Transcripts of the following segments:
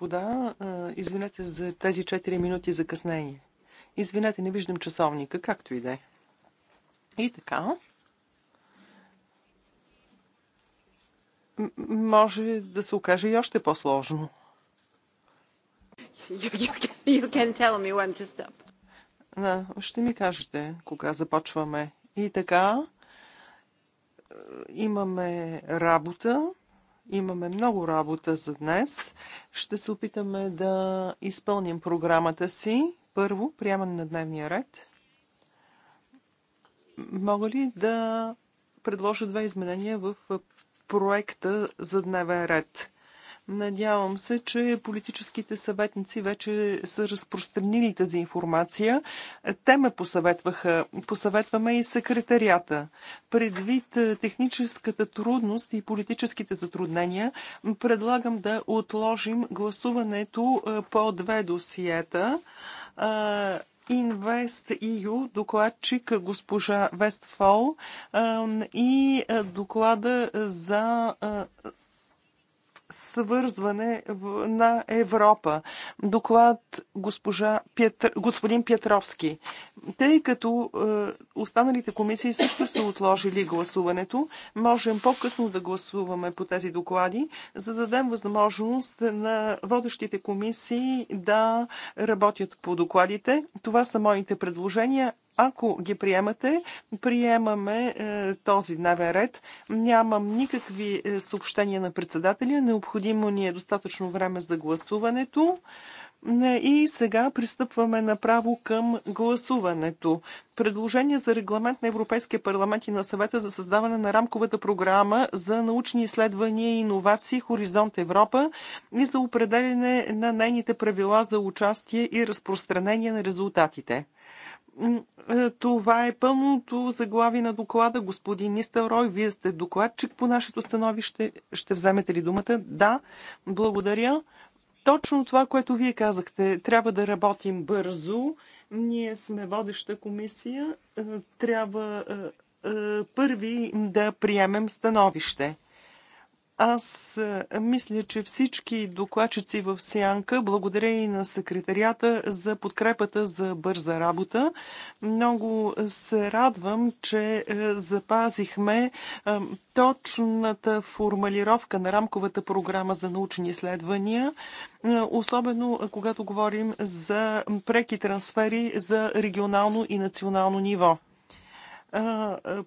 господа, извинете за тези 4 минути закъснение. Извинете, не виждам часовника, както и да е. И така. Може да се окаже и още по-сложно. Да, ще ми кажете кога започваме. И така, имаме работа. Имаме много работа за днес. Ще се опитаме да изпълним програмата си. Първо, приемане на дневния ред. Мога ли да предложа две изменения в проекта за дневен ред? Надявам се, че политическите съветници вече са разпространили тази информация. Те ме посъветваха. Посъветваме и секретарията. Предвид е, техническата трудност и политическите затруднения, предлагам да отложим гласуването е, по две досиета. Е, Инвест ИЮ, докладчик госпожа Вестфол и доклада за свързване на Европа. Доклад госпожа Петр... господин Петровски. Тъй като е, останалите комисии също са отложили гласуването, можем по-късно да гласуваме по тези доклади, за да дадем възможност на водещите комисии да работят по докладите. Това са моите предложения. Ако ги приемате, приемаме е, този дневен ред. Нямам никакви е, съобщения на председателя. Необходимо ни е достатъчно време за гласуването. Е, и сега пристъпваме направо към гласуването. Предложение за регламент на Европейския парламент и на съвета за създаване на рамковата програма за научни изследвания и иновации Хоризонт Европа и за определене на нейните правила за участие и разпространение на резултатите. Е, това е пълното заглави на доклада. Господин Нистелрой, вие сте докладчик по нашето становище. Ще вземете ли думата? Да, благодаря. Точно това, което вие казахте, трябва да работим бързо. Ние сме водеща комисия. Е, трябва е, първи да приемем становище. Аз мисля, че всички докладчици в Сянка, благодаря и на секретарията за подкрепата за бърза работа. Много се радвам, че запазихме точната формалировка на рамковата програма за научни изследвания, особено когато говорим за преки трансфери за регионално и национално ниво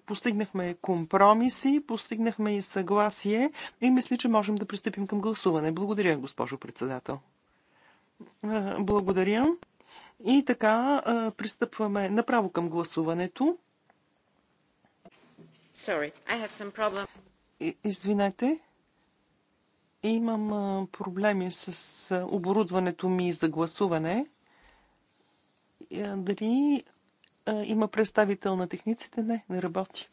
постигнахме компромиси, постигнахме и съгласие и мисля, че можем да пристъпим към гласуване. Благодаря, госпожо председател. Благодаря. И така, пристъпваме направо към гласуването. Sorry, I have some problem. Извинете. Имам проблеми с оборудването ми за гласуване. Дали има представител на техниците? Не, не работи.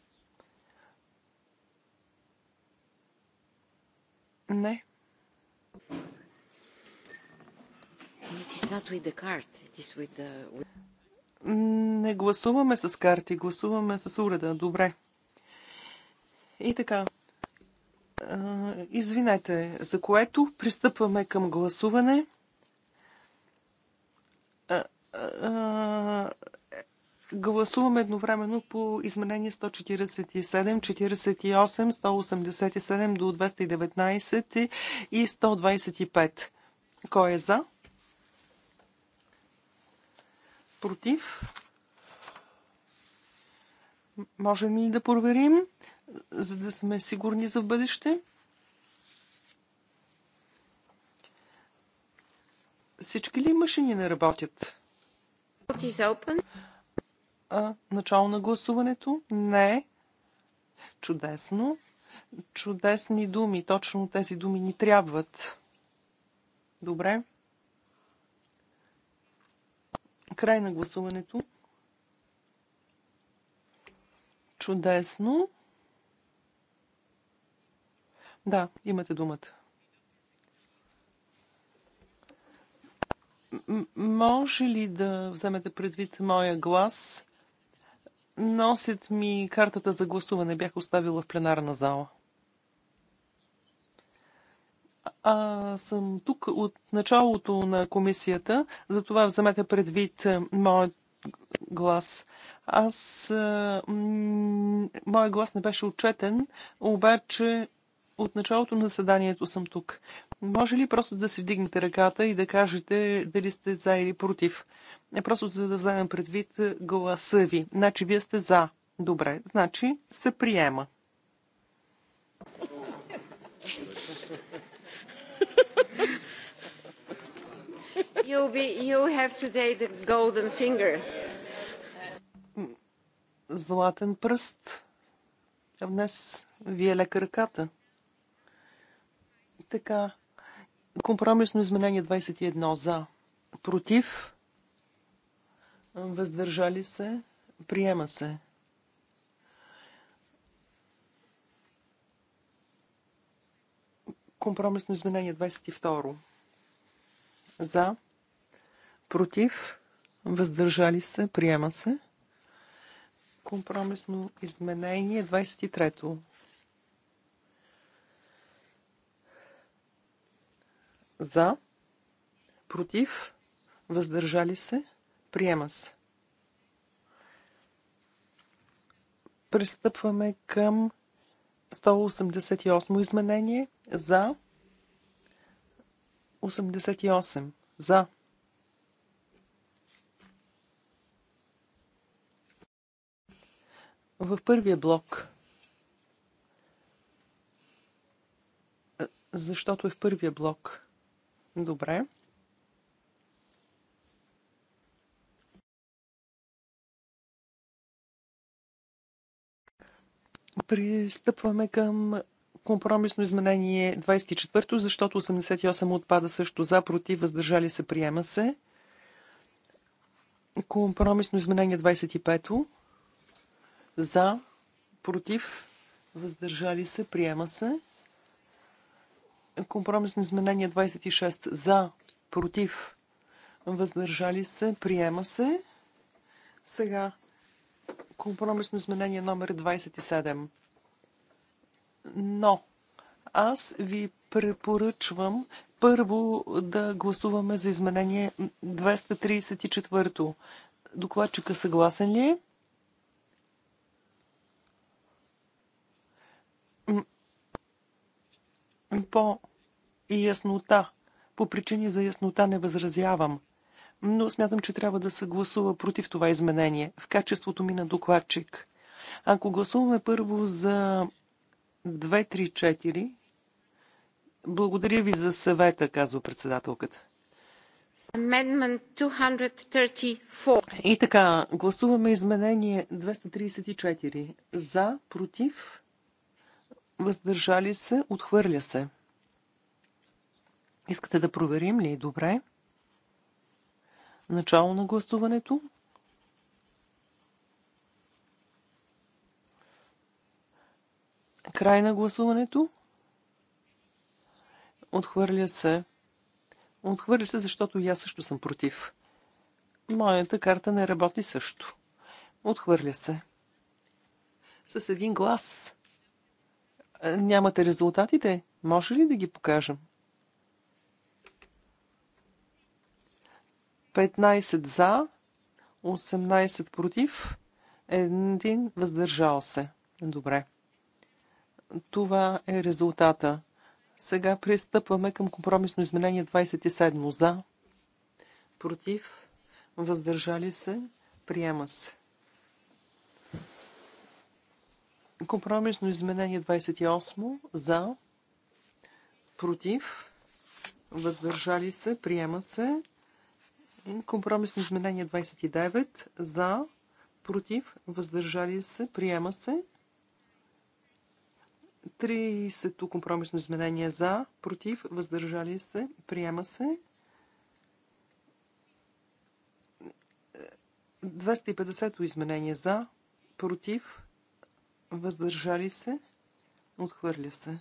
Не. Не гласуваме с карти, гласуваме с уреда. Добре. И така. Извинете, за което пристъпваме към гласуване. Гласуваме едновременно по изменение 147, 48, 187 до 219 и 125. Кой е за? Против? Можем ли да проверим, за да сме сигурни за бъдеще? Всички ли машини не работят? А, начало на гласуването? Не. Чудесно. Чудесни думи. Точно тези думи ни трябват. Добре. Край на гласуването. Чудесно. Да, имате думата. М може ли да вземете предвид моя глас? Носят ми картата за гласуване. Бях оставила в пленарна зала. А, съм тук от началото на комисията, затова вземете предвид е, моят глас. Аз. Е, моят моя глас не беше отчетен, обаче от началото на заседанието съм тук. Може ли просто да си вдигнете ръката и да кажете дали сте за или против? Не просто за да вземем предвид е, гласа ви. Значи вие сте за. Добре, значи се приема. You'll be, you'll have today the golden finger. Златен пръст. А днес ви е лека ръката. Така. Компромисно изменение 21 за. Против въздържали се, приема се. Компромисно изменение 22. За, против, въздържали се, приема се. Компромисно изменение 23. За, против, въздържали се, Приема се. Пристъпваме към 188 изменение за 88 за в първия блок защото е в първия блок. Добре. Пристъпваме към компромисно изменение 24, защото 88 отпада също за, против, въздържали се, приема се. Компромисно изменение 25 за, против, въздържали се, приема се. Компромисно изменение 26 за, против, въздържали се, приема се. Сега Компромисно изменение номер 27. Но аз ви препоръчвам първо да гласуваме за изменение 234. Докладчика съгласен ли е? По яснота. По причини за яснота не възразявам но смятам, че трябва да се гласува против това изменение в качеството ми на докладчик. Ако гласуваме първо за 2-3-4, благодаря ви за съвета, казва председателката. И така, гласуваме изменение 234. За, против, въздържали се, отхвърля се. Искате да проверим ли? Добре. Начало на гласуването. Край на гласуването. Отхвърля се. Отхвърля се, защото и аз също съм против. Моята карта не работи също. Отхвърля се. С един глас. Е, нямате резултатите? Може ли да ги покажем? 15 за, 18 против, 1 въздържал се. Добре. Това е резултата. Сега пристъпваме към компромисно изменение 27 за, против, въздържали се, приема се. Компромисно изменение 28 за, против, въздържали се, приема се. Компромисно изменение 29. За, против, въздържали се, приема се. 30-то компромисно изменение за, против, въздържали се, приема се. 250-то изменение за, против, въздържали се, отхвърля се.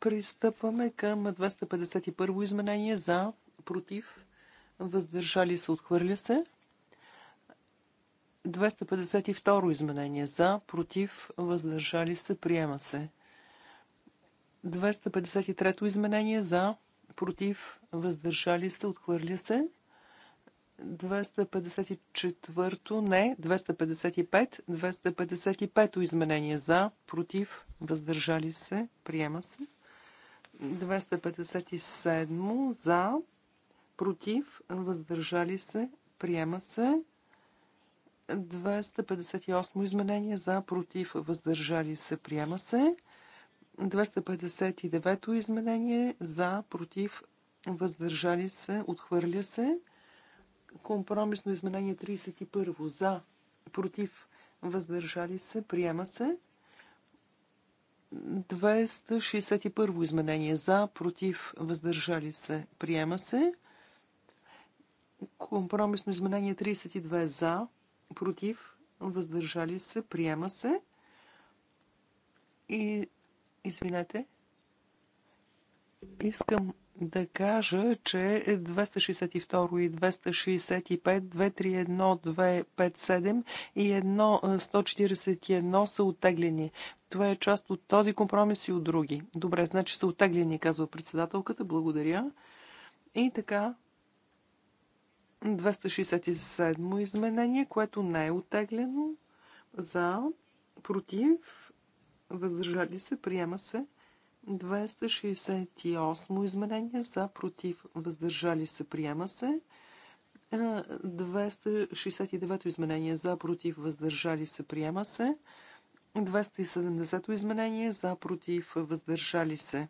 Пристъпваме към 251 изменение за, против, въздържали се, отхвърля се. 252 изменение за, против, въздържали се, приема се. 253 изменение за, против, въздържали се, отхвърля се. 254 не, 255, 255 изменение за, против, въздържали се, приема се. 257 за, против, въздържали се, приема се. 258 изменение за, против, въздържали се, приема се. 259 изменение за, против, въздържали се, отхвърля се. Компромисно изменение 31 за, против, въздържали се, приема се. 261 изменение за, против, въздържали се, приема се. Компромисно изменение 32 за, против, въздържали се, приема се. И, извинете, искам да кажа, че 262 и 265, 231, 257 и 141 са оттеглени. Това е част от този компромис и от други. Добре, значи са оттеглени, казва председателката. Благодаря. И така, 267 изменение, което не е оттеглено. За, против, въздържали се, приема се. 268 изменение за против въздържали се приема се. 269 е, изменение за против въздържали се приема се. 270 изменение за против въздържали се.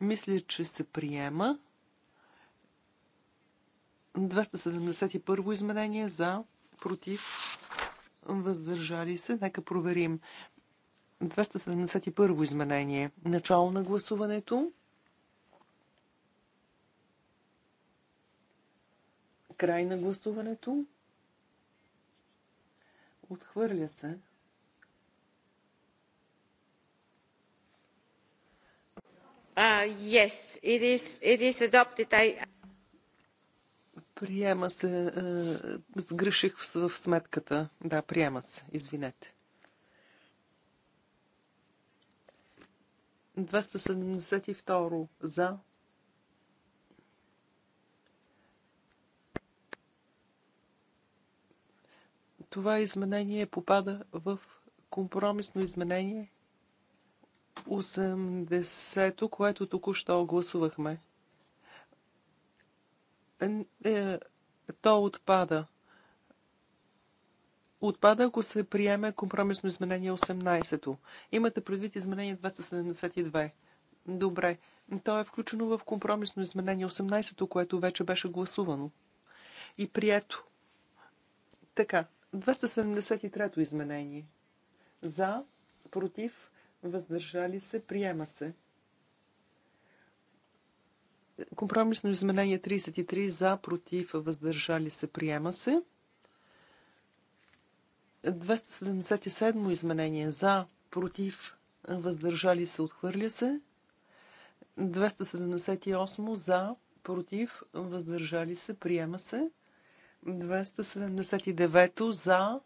Мисля, че се приема. 271 изменение за против въздържали се. Нека проверим. 271 изменение. Начало на гласуването. Край на гласуването. Отхвърля се. Uh, yes, it is, it is adopted. I... Приема се. Е, сгреших в, в сметката. Да, приема се. Извинете. 272 за. Това изменение попада в компромисно изменение 80-то, което току-що гласувахме. Е, е, то отпада отпада, ако се приеме компромисно изменение 18-то. Имате предвид изменение 272. Добре. То е включено в компромисно изменение 18-то, което вече беше гласувано. И прието. Така. 273-то изменение. За, против, въздържали се, приема се. Компромисно изменение 33 за, против, въздържали се, приема се. 277 изменение за, против, въздържали се, отхвърля се. 278 за, против, въздържали се, приема се. 279 за,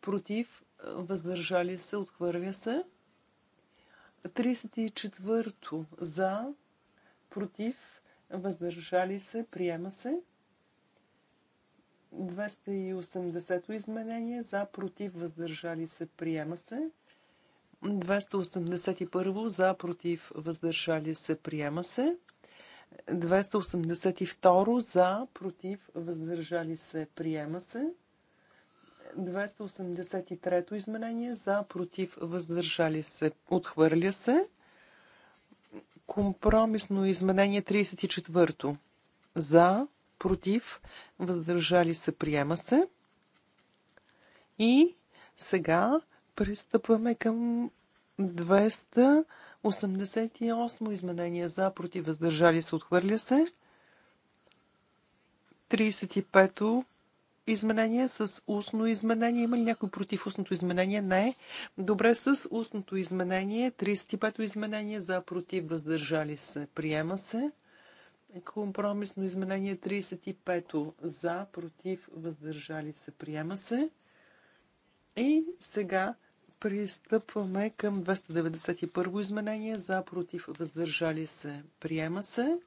против, въздържали се, отхвърля се. 34 за, против, въздържали се, приема се. 280 изменение за против въздържали се приема се. 281 за против въздържали се приема се. 282 за против въздържали се приема се. 283 изменение за против въздържали се отхвърля се. Компромисно изменение 34 за против, въздържали се, приема се. И сега пристъпваме към 288 изменения за, против, въздържали се, отхвърля се. 35-то изменение с устно изменение. Има ли някой против устното изменение? Не. Добре, с устното изменение. 35-то изменение за, против, въздържали се, приема се. Компромисно изменение 35 за, против, въздържали се, приема се. И сега пристъпваме към 291 изменение за, против, въздържали се, приема се.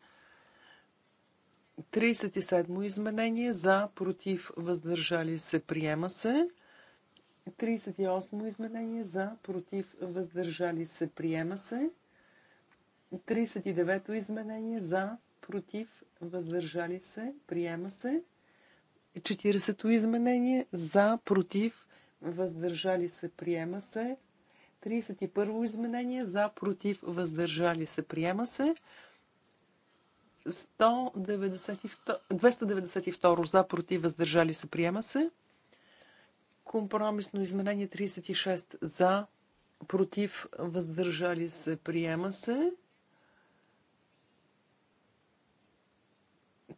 37 изменение за, против, въздържали се, приема се. 38 изменение за, против, въздържали се, приема се. 39 изменение за, против, въздържали се, приема се. 40-то изменение за, против, въздържали се, приема се. 31-во изменение за, против, въздържали се, приема се. 292 292 за, против, въздържали се, приема се. Компромисно изменение 36 за, против, въздържали се, приема се.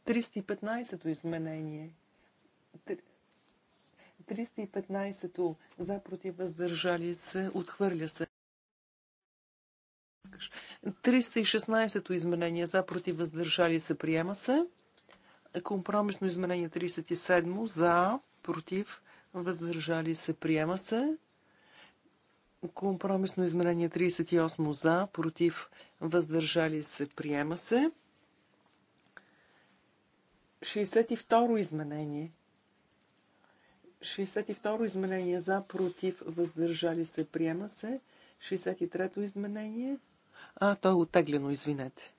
315-то изменение. 315-то за против въздържали се, отхвърля се. 316-то изменение за против въздържали се, приема се. Компромисно изменение 37 за против въздържали се, приема се. Компромисно изменение 38 за против въздържали се, приема се. 62 изменение. 62 изменение за, против, въздържали се, приема се. 63-то изменение. А, то е отеглено, извинете.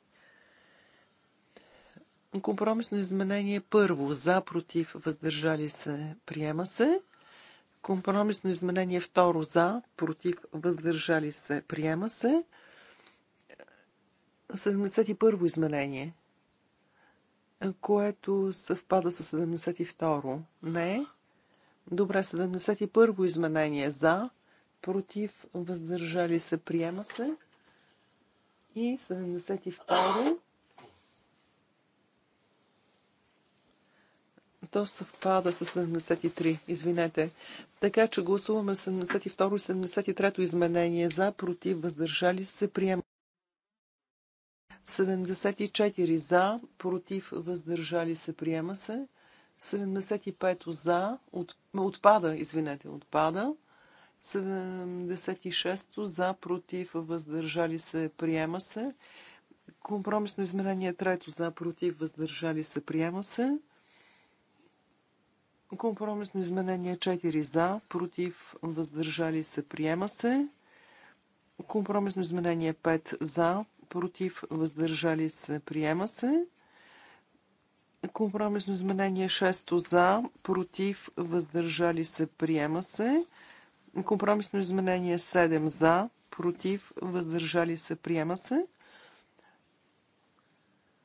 Компромисно изменение първо. За, против, въздържали се, приема се. Компромисно изменение второ. За, против, въздържали се, приема се. 71-во изменение което съвпада с 72-ро. Не. Добре, 71-во изменение за, против, въздържали се, приема се. И 72-ро. То съвпада с 73, извинете. Така че гласуваме 72 и 73 изменение за, против, въздържали се, приема. 74 за, против, въздържали се, приема се. 75 за, от, отпада, извинете, отпада. 76 за, против, въздържали се, приема се. Компромисно измерение трето за, против, въздържали се, приема се. Компромисно изменение 4 за, против, въздържали се, приема се. Компромисно изменение 5 за, против, въздържали се, приема се. Компромисно изменение 6 за, против, въздържали се, приема се. Компромисно изменение 7 за, против, въздържали се, приема се.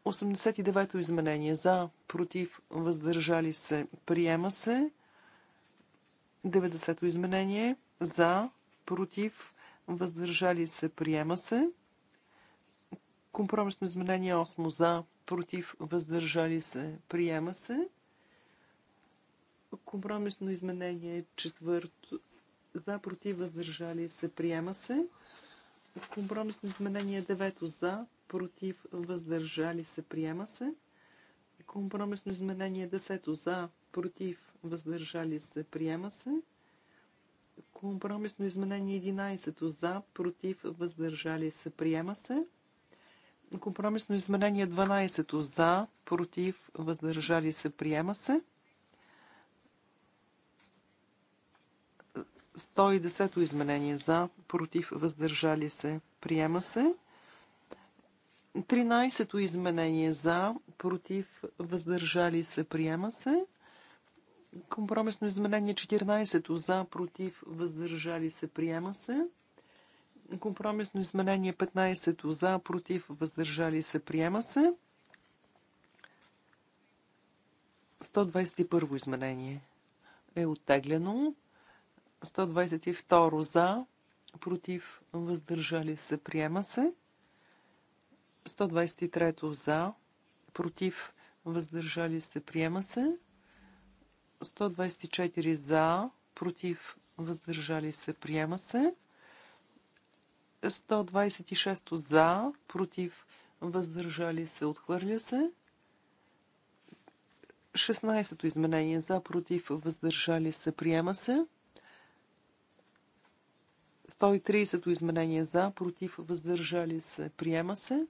89-то изменение за, против, въздържали се, приема се. 90-то изменение за, против, въздържали се, приема се. Компромисно изменение 8 за, против, въздържали се, приема се. Компромисно изменение 4 за, против, въздържали се, приема се. Компромисно изменение 9 за, против, въздържали се, приема се. Компромисно изменение 10 за, против, въздържали се, приема се. Компромисно изменение 11 за, против, въздържали се, приема се. Компромисно изменение 12 за, против, въздържали се, приема се. 110-то изменение за, против, въздържали се, приема се. 13-то изменение за, против, въздържали се, приема се. Компромисно изменение 14 за, против, въздържали се, приема се. Компромисно изменение 15 за, против, въздържали се, приема се. 121 изменение е оттеглено. 122 за, против, въздържали се, приема се. 123 за, против, въздържали се, приема се. 124 за, против, въздържали се, приема се. 126 за, против, въздържали се, отхвърля се. 16-то изменение за, против, въздържали се, приема се. 130-то изменение за, против, въздържали се, приема се.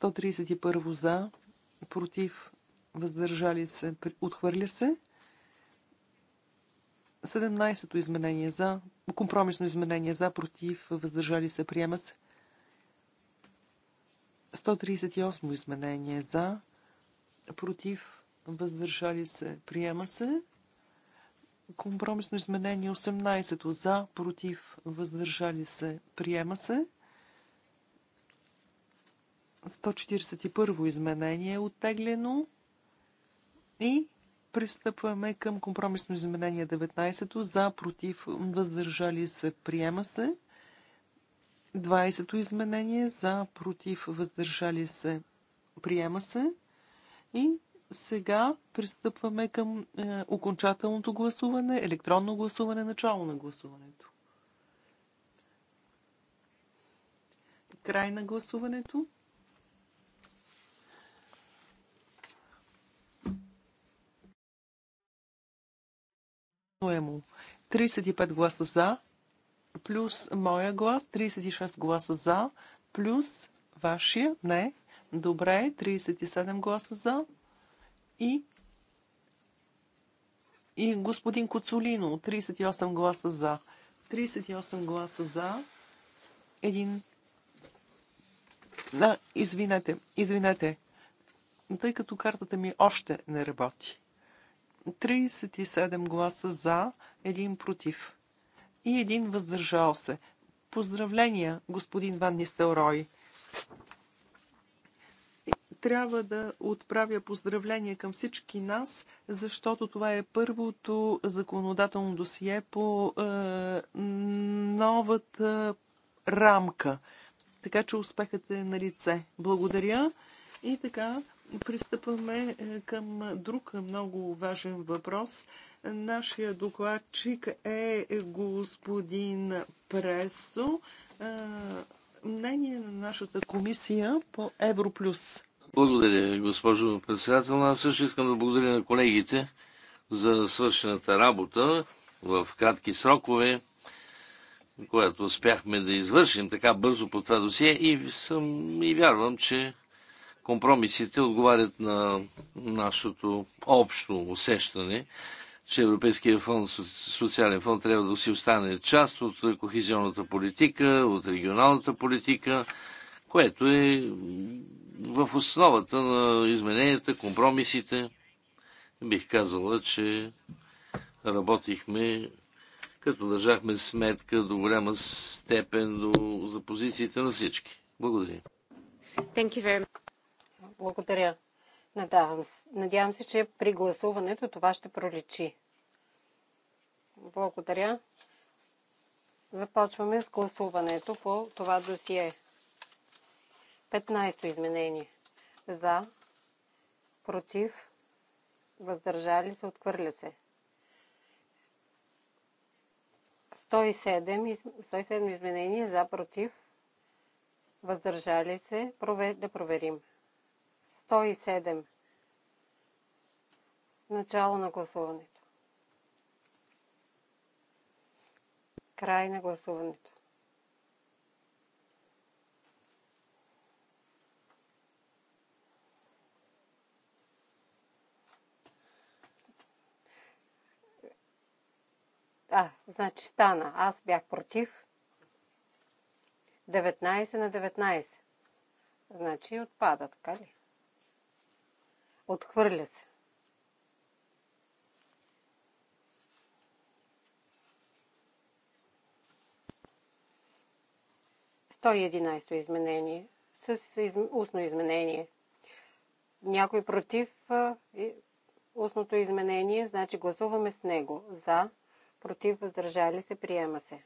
131 за, против, въздържали се, отхвърля се. 17-то изменение за, компромисно изменение за, против, въздържали се, приема се. 138 изменение за, против, въздържали се, приема се. Компромисно изменение 18 за, против, въздържали се, приема се. 141 изменение е оттеглено. И Пристъпваме към компромисно изменение 19-то. За, против, въздържали се, приема се. 20-то изменение. За, против, въздържали се, приема се. И сега пристъпваме към е, окончателното гласуване, електронно гласуване, начало на гласуването. Край на гласуването. му. 35 гласа за, плюс моя глас, 36 гласа за, плюс вашия, не, добре, 37 гласа за и и господин Коцолино, 38 гласа за. 38 гласа за. Един. А, извинете, извинете. Тъй като картата ми още не работи. 37 гласа за, един против и един въздържал се. Поздравления, господин Ван Нистелрой! трябва да отправя поздравления към всички нас, защото това е първото законодателно досие по е, новата рамка. Така че успехът е на лице. Благодаря. И така, Пристъпваме е, към друг много важен въпрос. Нашия докладчик е господин Пресо. Е, мнение на нашата комисия по Европлюс. Благодаря, госпожо председател. Аз също искам да благодаря на колегите за свършената работа в кратки срокове, която успяхме да извършим така бързо по това досие и, съм, и вярвам, че компромисите отговарят на нашето общо усещане, че Европейския фонд, социален фонд трябва да си остане част от кохезионната политика, от регионалната политика, което е в основата на измененията, компромисите. Бих казала, че работихме като държахме сметка до голяма степен до, за позициите на всички. Благодаря. Thank you very much. Благодаря. Надявам се, надявам се, че при гласуването това ще проличи. Благодаря. Започваме с гласуването по това досие. 15-то изменение. За, против, въздържали се, отхвърля се. 107, 107 изменение за, против, въздържали се, да проверим. 107. 107. Начало на гласуването. Край на гласуването. А, значи стана. Аз бях против. 19 на 19. Значи отпада, така ли? Отхвърля се. Сто единайсто изменение с из... устно изменение. Някой против устното изменение, значи гласуваме с него. За, против, въздържали се, приема се.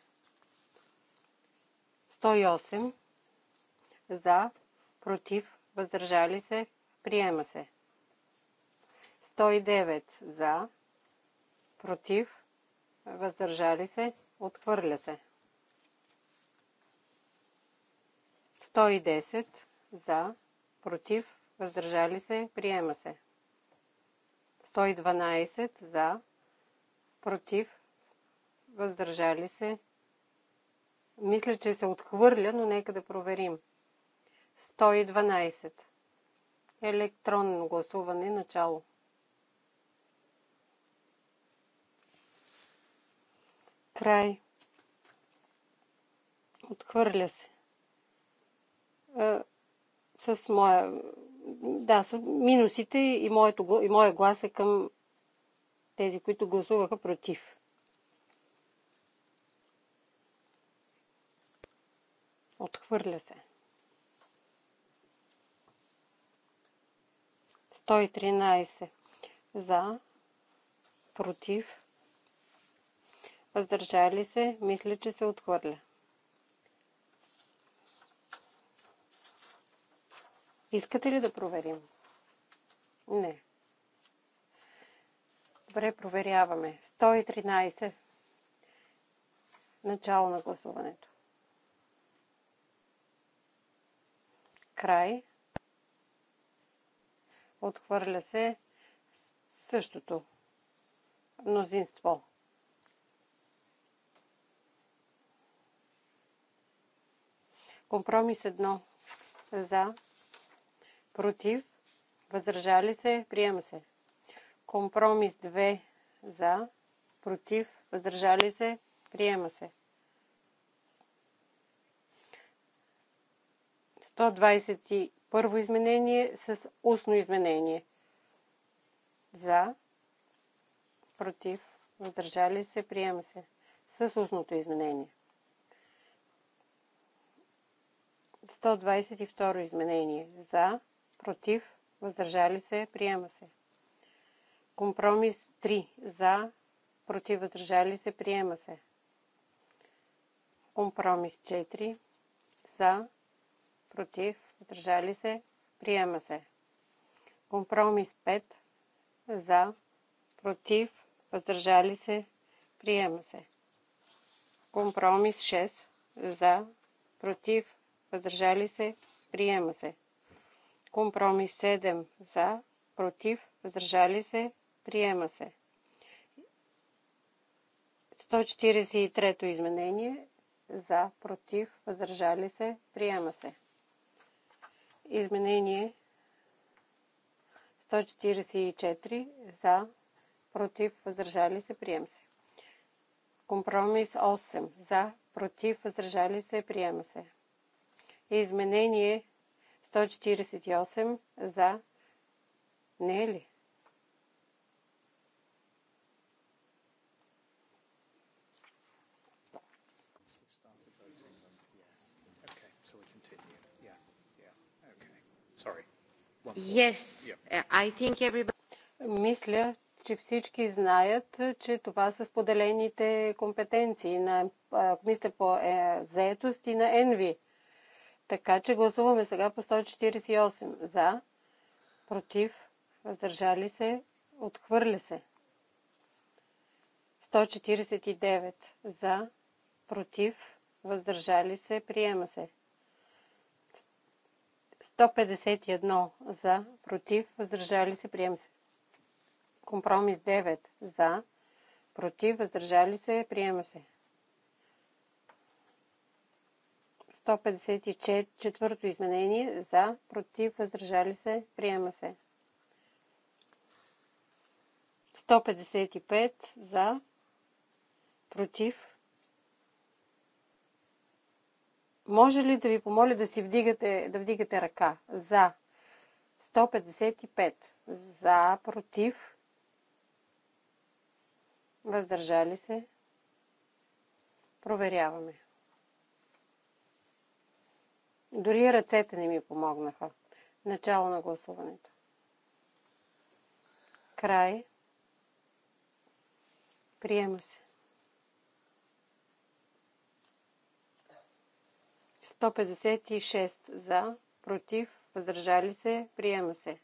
108. За, против, въздържали се, приема се. 109 за, против, въздържали се, отхвърля се. 110 за, против, въздържали се, приема се. 112 за, против, въздържали се. Мисля, че се отхвърля, но нека да проверим. 112. Електронно гласуване начало. край. Отхвърля се. А, с моя... Да, с минусите и, моето, и моя глас е към тези, които гласуваха против. Отхвърля се. 113 за, против, въздържали се, мисля, че се отхвърля. Искате ли да проверим? Не. Добре, проверяваме. 113. Начало на гласуването. Край. Отхвърля се същото мнозинство. Компромис 1 за, против, въздържали се, приема се. Компромис 2 за, против, въздържали се, приема се. 121 изменение с устно изменение. За, против, въздържали се, приема се. С устното изменение. 122 изменение. За, против, въздържали се, приема се. Компромис 3. За, против, въздържали се, приема се. Компромис 4. За, против, въздържали се, приема се. Компромис 5. За, против, въздържали се, приема се. Компромис 6. За, против, въздържали се, приема се. Компромис 7 за, против, въздържали се, приема се. 143-то изменение за, против, въздържали се, приема се. Изменение 144 за, против, въздържали се, приема се. Компромис 8 за, против, въздържали се, приема се. Изменение 148 за. Не е ли? Yes, I think everybody... Мисля, че всички знаят, че това са споделените компетенции на Комисията по е, заетост и на ЕНВИ. Така че гласуваме сега по 148 за, против, въздържали се, отхвърля се. 149 за, против, въздържали се, приема се. 151 за, против, въздържали се, приема се. Компромис 9 за, против, въздържали се, приема се. 154 изменение за, против, въздържали се, приема се. 155 за, против. Може ли да ви помоля да си вдигате, да вдигате ръка? За. 155 за, против. Въздържали се. Проверяваме. Дори ръцете не ми помогнаха. Начало на гласуването. Край. Приема се. 156 за, против, въздържали се, приема се.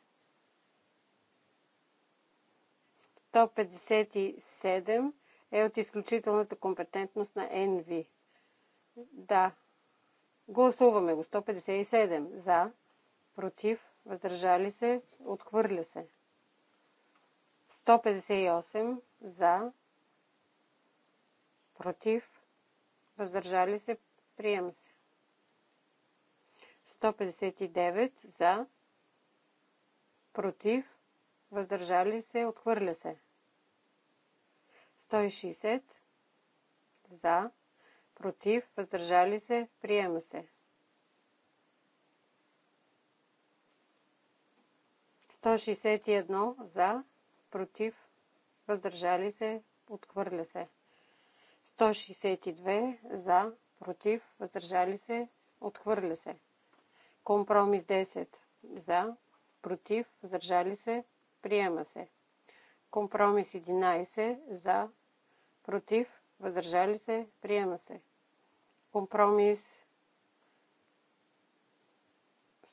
157 е от изключителната компетентност на НВ. Да, Гласуваме го. 157 за, против, въздържали се, отхвърля се. 158 за, против, въздържали се, приема се. 159 за, против, въздържали се, отхвърля се. 160 за, против, въздържали се, приема се. 161 за, против, въздържали се, отхвърля се. 162 за, против, въздържали се, отхвърля се. Компромис 10 за, против, въздържали се, приема се. Компромис 11 за, против, въздържали се, приема се. Компромис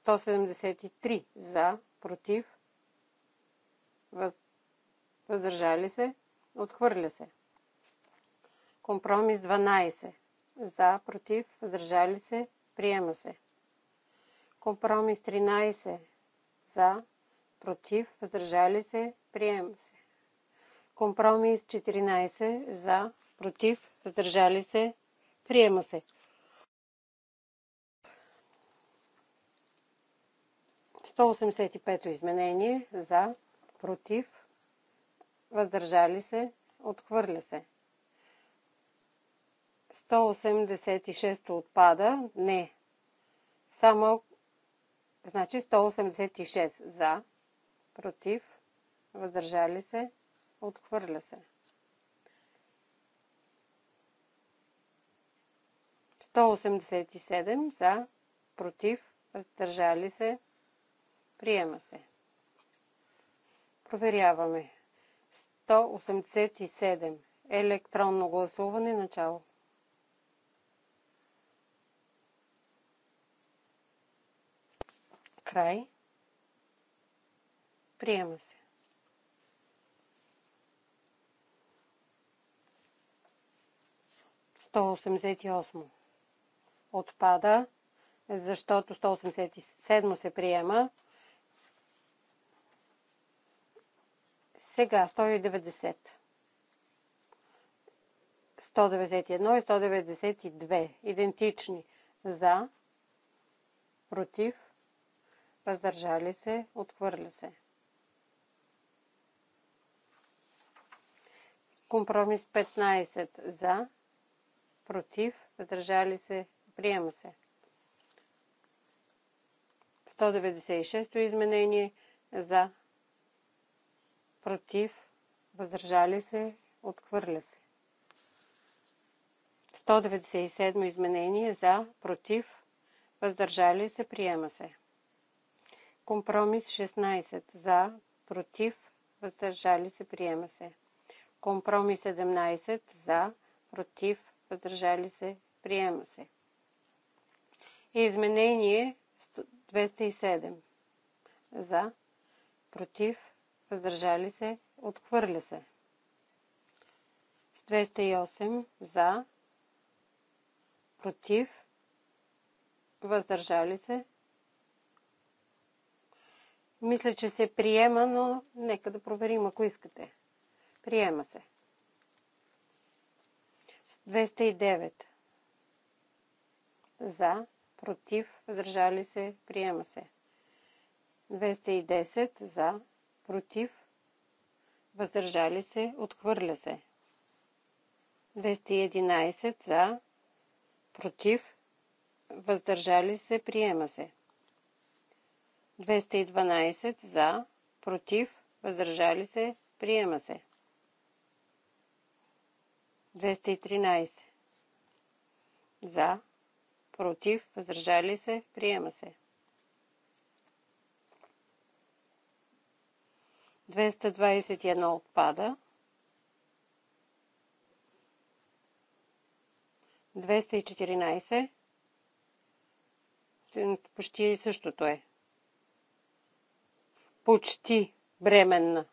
173 за, против, въздържали се, отхвърля се. Компромис 12 за, против, въздържали се, приема се. Компромис 13 за, против, въздържали се, приема се. Компромис 14 за, против, въздържали се, приема се. 185 изменение за, против, въздържали се, отхвърля се. 186 отпада, не. Само, значи 186 за, против, въздържали се, отхвърля се. 187 за, против, въздържали се, приема се. Проверяваме. 187. Електронно гласуване начало. Край. Приема се. Сто осемдесет и осмо отпада, защото 187 се приема. Сега 190. 191 и 192 идентични за, против, въздържали се, отхвърля се. Компромис 15 за, против, въздържали се, Приема се. 196-то изменение за против, въздържали се, отхвърля се. 197 изменение за против, въздържали се, приема се. Компромис 16 за против, въздържали се, приема се. Компромис 17 за против, въздържали се, приема се. Изменение 207. За, против, въздържали се, отхвърля се. 208. За, против, въздържали се. Мисля, че се приема, но нека да проверим, ако искате. Приема се. 209. За, против, въздържали се, приема се. 210 за, против, въздържали се, отхвърля се. 211 за, против, въздържали се, приема се. 212 за, против, въздържали се, приема се. 213 за, против, въздържали се, приема се. 221 отпада. 214. Почти същото е. Почти бременна.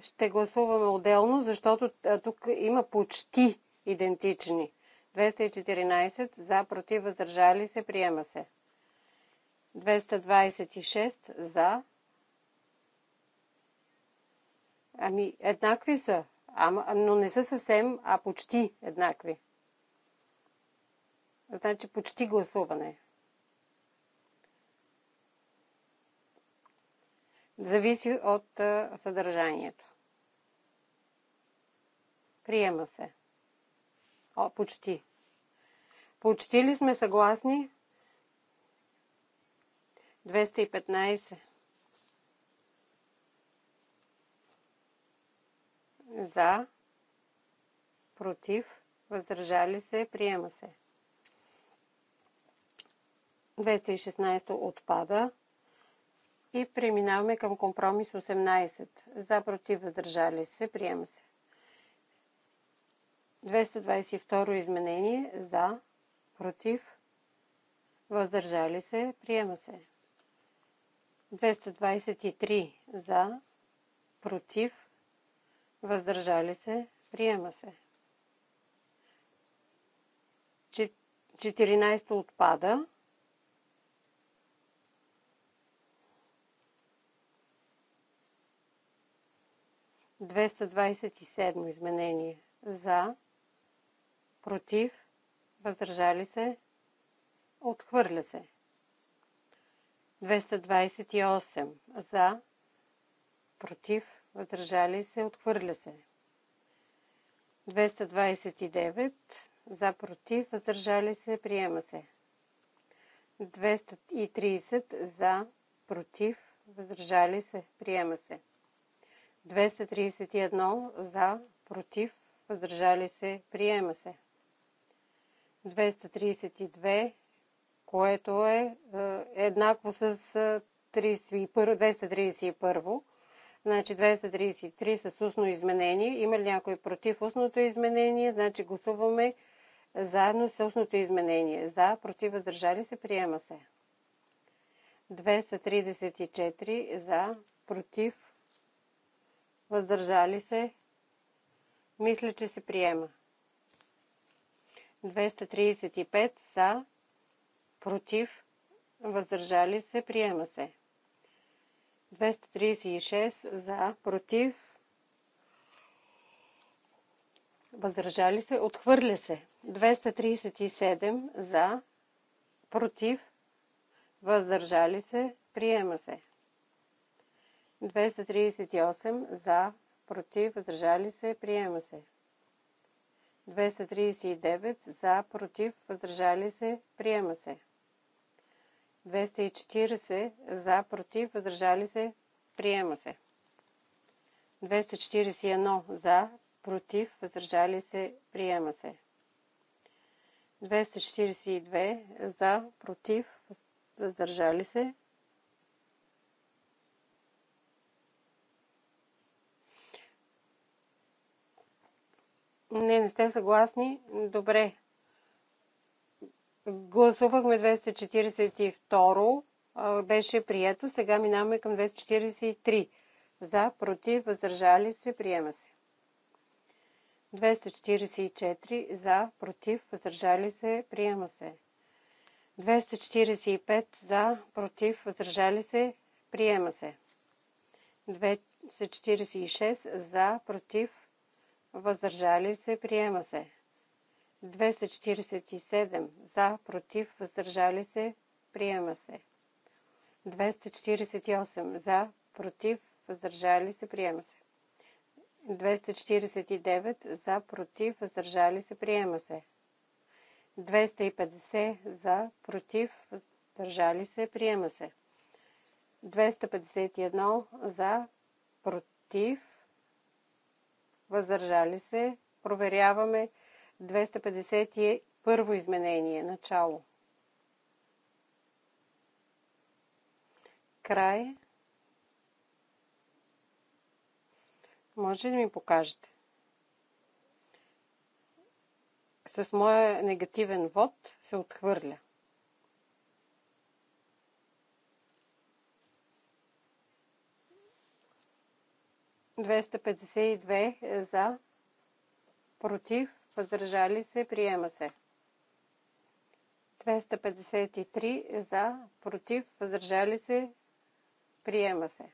Ще гласуваме отделно, защото тук има почти идентични. 214 за, против, въздържали се, приема се. 226 за. Ами, еднакви са, ама, но не са съвсем, а почти еднакви. Значи почти гласуване. Зависи от съдържанието. Приема се. О, почти. Почти ли сме съгласни? 215. За. Против. Въздържали се. Приема се. 216 отпада. И преминаваме към компромис 18. За. Против. Въздържали се. Приема се. 222 изменение за, против, въздържали се, приема се. 223 за, против, въздържали се, приема се. 14 отпада. Двеста двадесет и седмо изменение за против, въздържали се, отхвърля се. 228 за, против, въздържали се, отхвърля се. 229 за, против, въздържали се, приема се. 230 за, против, въздържали се, приема се. 231 за, против, въздържали се, приема се. 232, което е, е еднакво с 31, е, 231. Значи 233 с устно изменение. Има ли някой против устното изменение? Значи гласуваме заедно с устното изменение. За, против, въздържали се, приема се. 234 за, против, въздържали се. Мисля, че се приема. 235 за, против, въздържали се, приема се. 236 за, против, въздържали се, отхвърля се. 237 за, против, въздържали се, приема се. 238 за, против, въздържали се, приема се. 239 за, против, въздържали се, приема се. 240 за, против, въздържали се, приема се. 241 за, против, въздържали се, приема се. 242 за, против, въздържали се, Не, не сте съгласни? Добре. Гласувахме 242. Беше прието. Сега минаваме към 243. За, против, въздържали се, приема се. 244 за, против, въздържали се, приема се. 245 за, против, въздържали се, приема се. 246 за, против, въздържали се, приема се. 247 за, против, въздържали се, приема се. 248 за, против, въздържали се, приема се. 249 за, против, въздържали се, приема се. 250 за, против, въздържали се, приема се. 251 за, против, въздържали се. Проверяваме 251 изменение, начало. Край. Може ли да ми покажете? С моя негативен вод се отхвърля. 252 е, за, против, въздържали се, приема се. 253 е, за, против, въздържали се, приема се.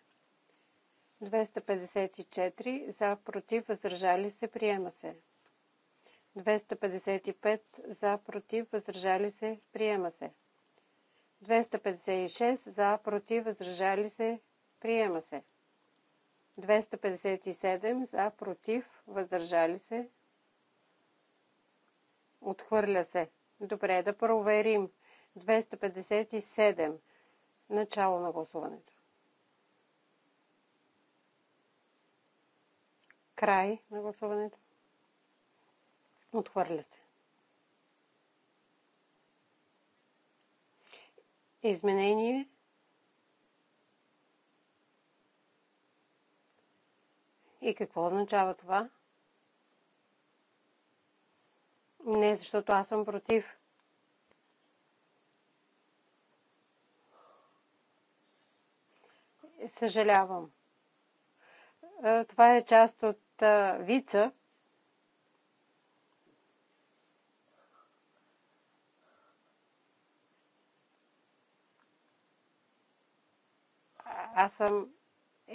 254 е, за, против, въздържали се, приема се. 255 за, против, въздържали се, приема се. 256 за, против, въздържали се, приема се. 257 257 за, против, въздържали се. Отхвърля се. Добре, да проверим. 257. Начало на гласуването. Край на гласуването. Отхвърля се. Изменение И какво означава това? Не, защото аз съм против. Съжалявам. Това е част от вица. Аз съм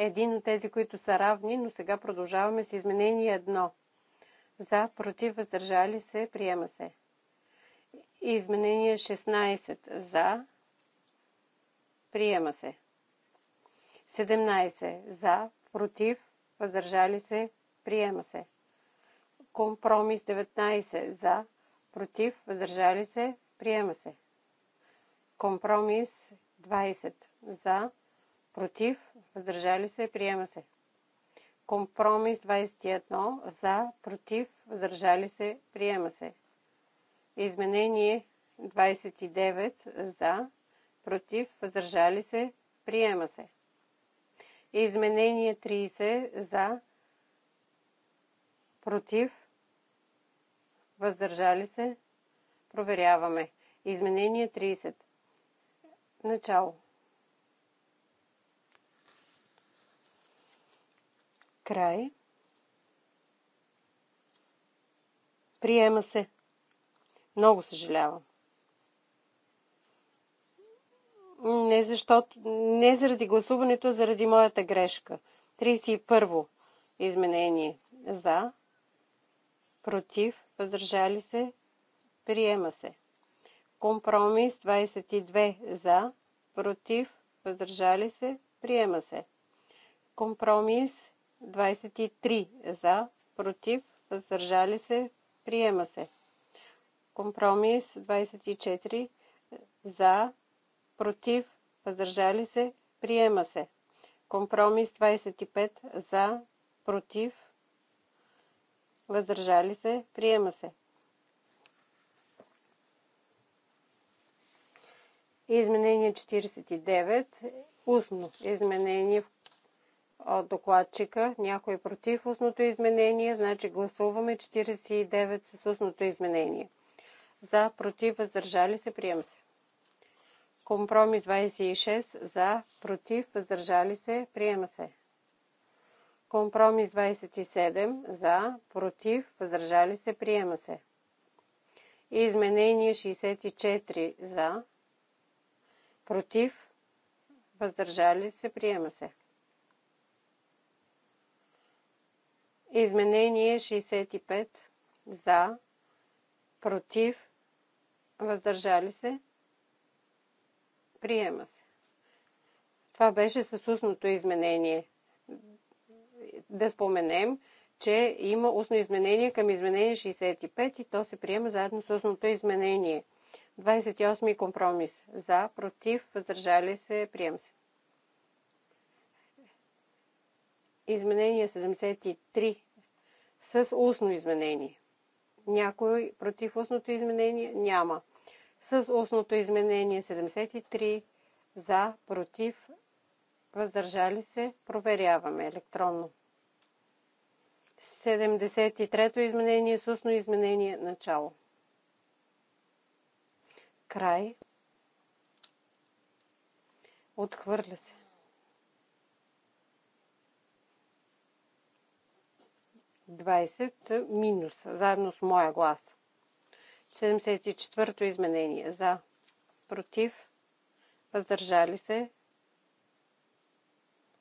един от тези, които са равни, но сега продължаваме с изменение едно. За, против, въздържали се, приема се. Изменение 16. За, приема се. 17. За, против, въздържали се, приема се. Компромис 19. За, против, въздържали се, приема се. Компромис 20. За, против, въздържали се, приема се. Компромис 21 за, против, въздържали се, приема се. Изменение 29 за, против, въздържали се, приема се. Изменение 30 за, против, въздържали се, проверяваме. Изменение 30. Начало. Край. Приема се. Много съжалявам. Не, защото, не заради гласуването, а заради моята грешка. 31 изменение. За. Против. Въздържали се. Приема се. Компромис 22 за. Против. Въздържали се. Приема се. Компромис 23 за, против, въздържали се, приема се. Компромис 24 за, против, въздържали се, приема се. Компромис 25 за, против, въздържали се, приема се. Изменение 49, устно изменение в от докладчика. Някой е против устното изменение, значи гласуваме 49 с устното изменение. За, против, въздържали се, приема се. Компромис 26 за, против, въздържали се, приема се. Компромис 27 за, против, въздържали се, приема се. Изменение 64 за, против, въздържали се, приема се. Изменение 65 за, против, въздържали се, приема се. Това беше с устното изменение. Да споменем, че има устно изменение към изменение 65 и то се приема заедно с устното изменение. 28 компромис. За, против, въздържали се, приема се. Изменение 73 с устно изменение. Някой против устното изменение? Няма. С устното изменение 73 за, против, въздържали се, проверяваме електронно. 73-то изменение с устно изменение начало. Край. Отхвърля се. 20 минус, заедно с моя глас. 74-то изменение за против, въздържали се,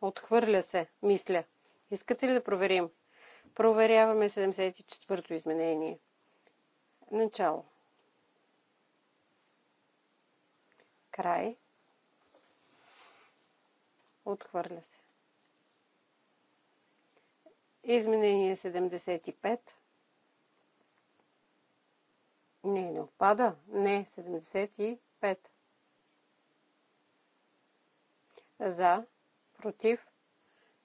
отхвърля се, мисля. Искате ли да проверим? Проверяваме 74-то изменение. Начало. Край. Отхвърля се. Изменение 75. Не, не отпада. Не, 75. За, против,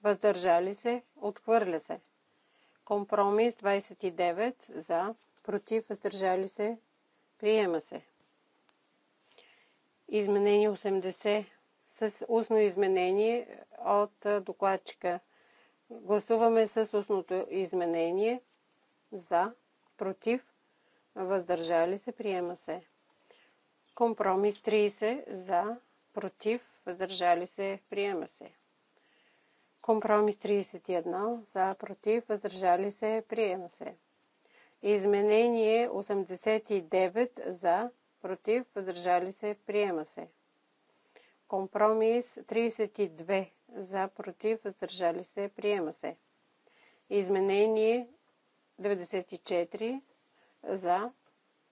въздържали се, отхвърля се. Компромис 29 за, против, въздържали се, приема се. Изменение 80 с устно изменение от докладчика. Гласуваме с устното изменение за, против, въздържали се, приема се. Компромис 30 за, против, въздържали се, приема се. Компромис 31 за, против, въздържали се, приема се. Изменение 89 за, против, въздържали се, приема се. Компромис 32 за против, въздържали се, приема се. Изменение 94 за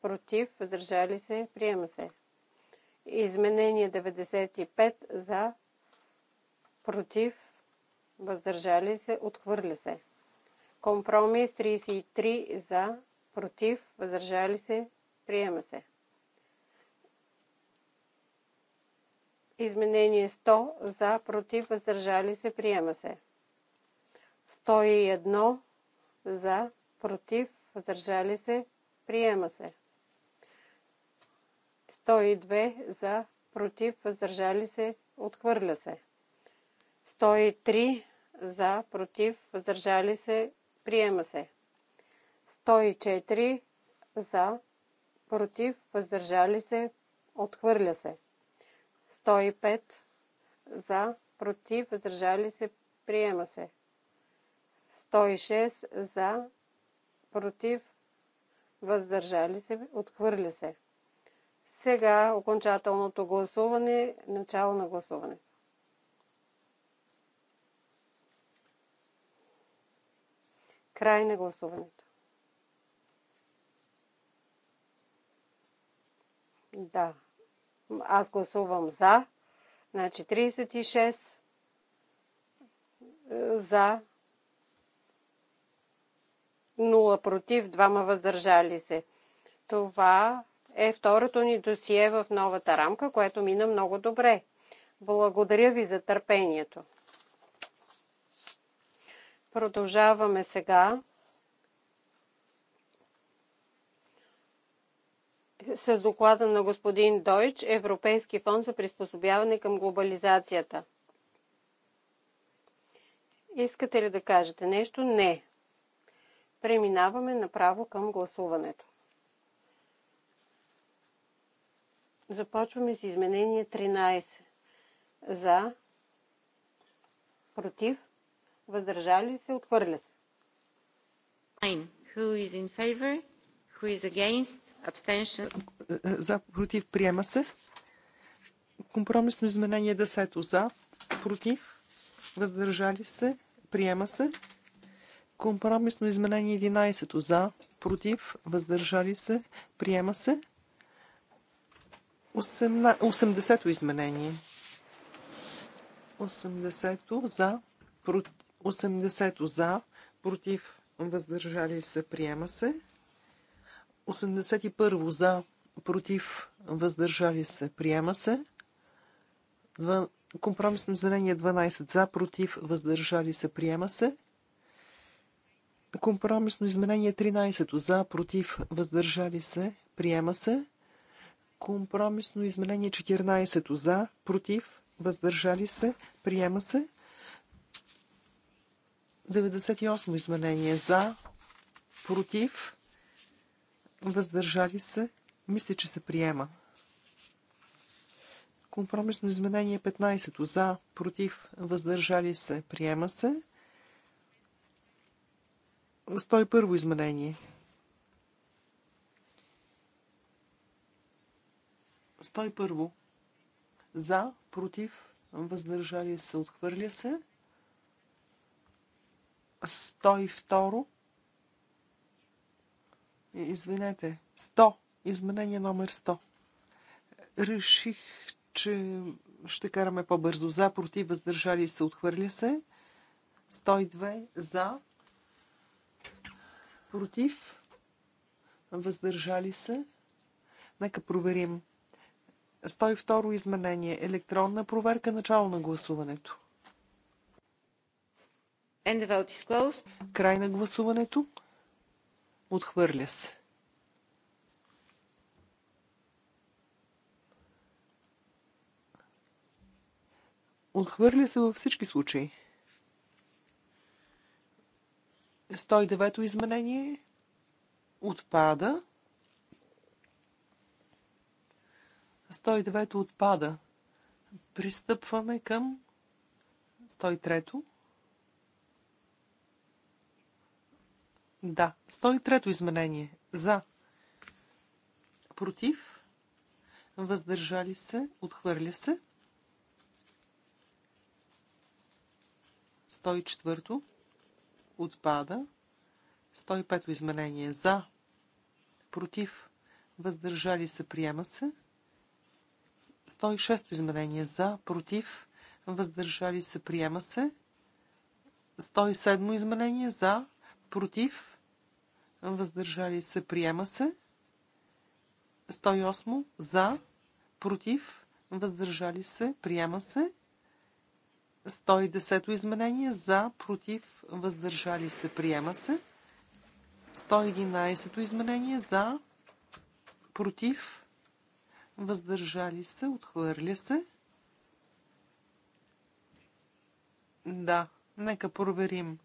против, въздържали се, приема се. Изменение 95 за против, въздържали се, отхвърля се. Компромис 33 за против, въздържали се, приема се. Изменение 100 за, против, въздържали се, приема се. 101 за, против, въздържали се, приема се. 102 за, против, въздържали се, отхвърля се. 103 за, против, въздържали се, приема се. 104 за, против, въздържали се, отхвърля се. 105 за, против, въздържали се, приема се. 106 за, против, въздържали се, отхвърля се. Сега окончателното гласуване, начало на гласуване. Край на гласуването. Да, аз гласувам за. Значи 36 е, за, 0 против, 2 въздържали се. Това е второто ни досие в новата рамка, което мина много добре. Благодаря ви за търпението. Продължаваме сега с доклада на господин Дойч Европейски фонд за приспособяване към глобализацията. Искате ли да кажете нещо? Не. Преминаваме направо към гласуването. Започваме с изменение 13. За, против, въздържали се, отхвърля се. Who is in favor? Who is against? Abstention. За, против, приема се. Компромисно изменение 10 за, против, въздържали се, приема се. Компромисно изменение 11 за, против, въздържали се, приема се. 80-то изменение. 80-то за, против, 80 за, против, въздържали се, приема се. 81 за, против, въздържали се, приема се. Компромисно изменение 12 за, против, въздържали се, приема се. Компромисно изменение 13 за, против, въздържали се, приема се. Компромисно изменение 14 за, против, въздържали се, приема се. 98 изменение за, против, въздържали се, мисля, че се приема. Компромисно изменение 15 за, против, въздържали се, приема се. 101 изменение. 101. За, против, въздържали се, отхвърля се. 102. Е, извинете, 100. Изменение номер 100. Реших, че ще караме по-бързо. За, против, въздържали се, отхвърля се. 102 за, против, въздържали се. Нека проверим. 102 изменение. Електронна проверка начало на гласуването. Край на гласуването. Отхвърля се. Отхвърля се във всички случаи. 109-то изменение отпада. 109-то отпада. Пристъпваме към 103-то. Да. 103-то изменение. За. Против. Въздържали се. Отхвърля се. 104-то. Отпада. 105-то изменение. За. Против. Въздържали се. Приема се. 106-то изменение. За. Против. Въздържали се. Приема се. 107-то изменение. За. Против въздържали се, приема се. 108 за, против, въздържали се, приема се. 110 изменение за, против, въздържали се, приема се. 111 изменение за, против, въздържали се, отхвърля се. Да, нека проверим.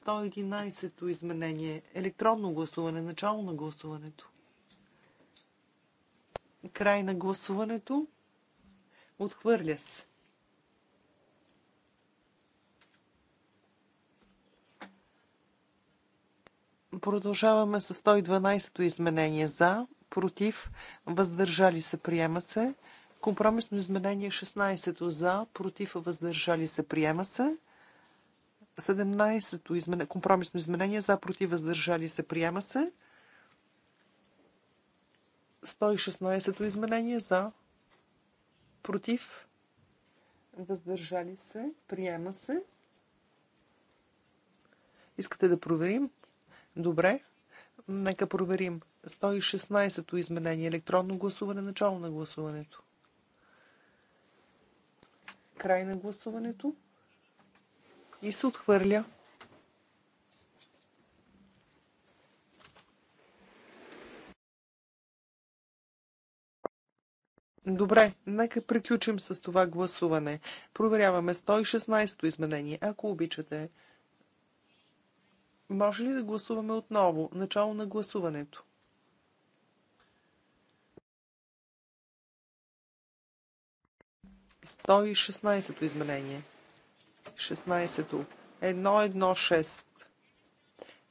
111-то изменение. Електронно гласуване. Начало на гласуването. Край на гласуването. Отхвърля се. Продължаваме с 112-то изменение за, против, въздържали се, приема се. Компромисно изменение 16-то за, против, въздържали се, приема се. 17-то измене, компромисно изменение за против въздържали се приема се. 116-то изменение за против въздържали се приема се. Искате да проверим? Добре. Нека проверим. 116-то изменение. Електронно гласуване. Начало на гласуването. Край на гласуването и се отхвърля. Добре, нека приключим с това гласуване. Проверяваме 116-то изменение, ако обичате. Може ли да гласуваме отново? Начало на гласуването. Стои 16-то изменение. 16-то. 1-1-6.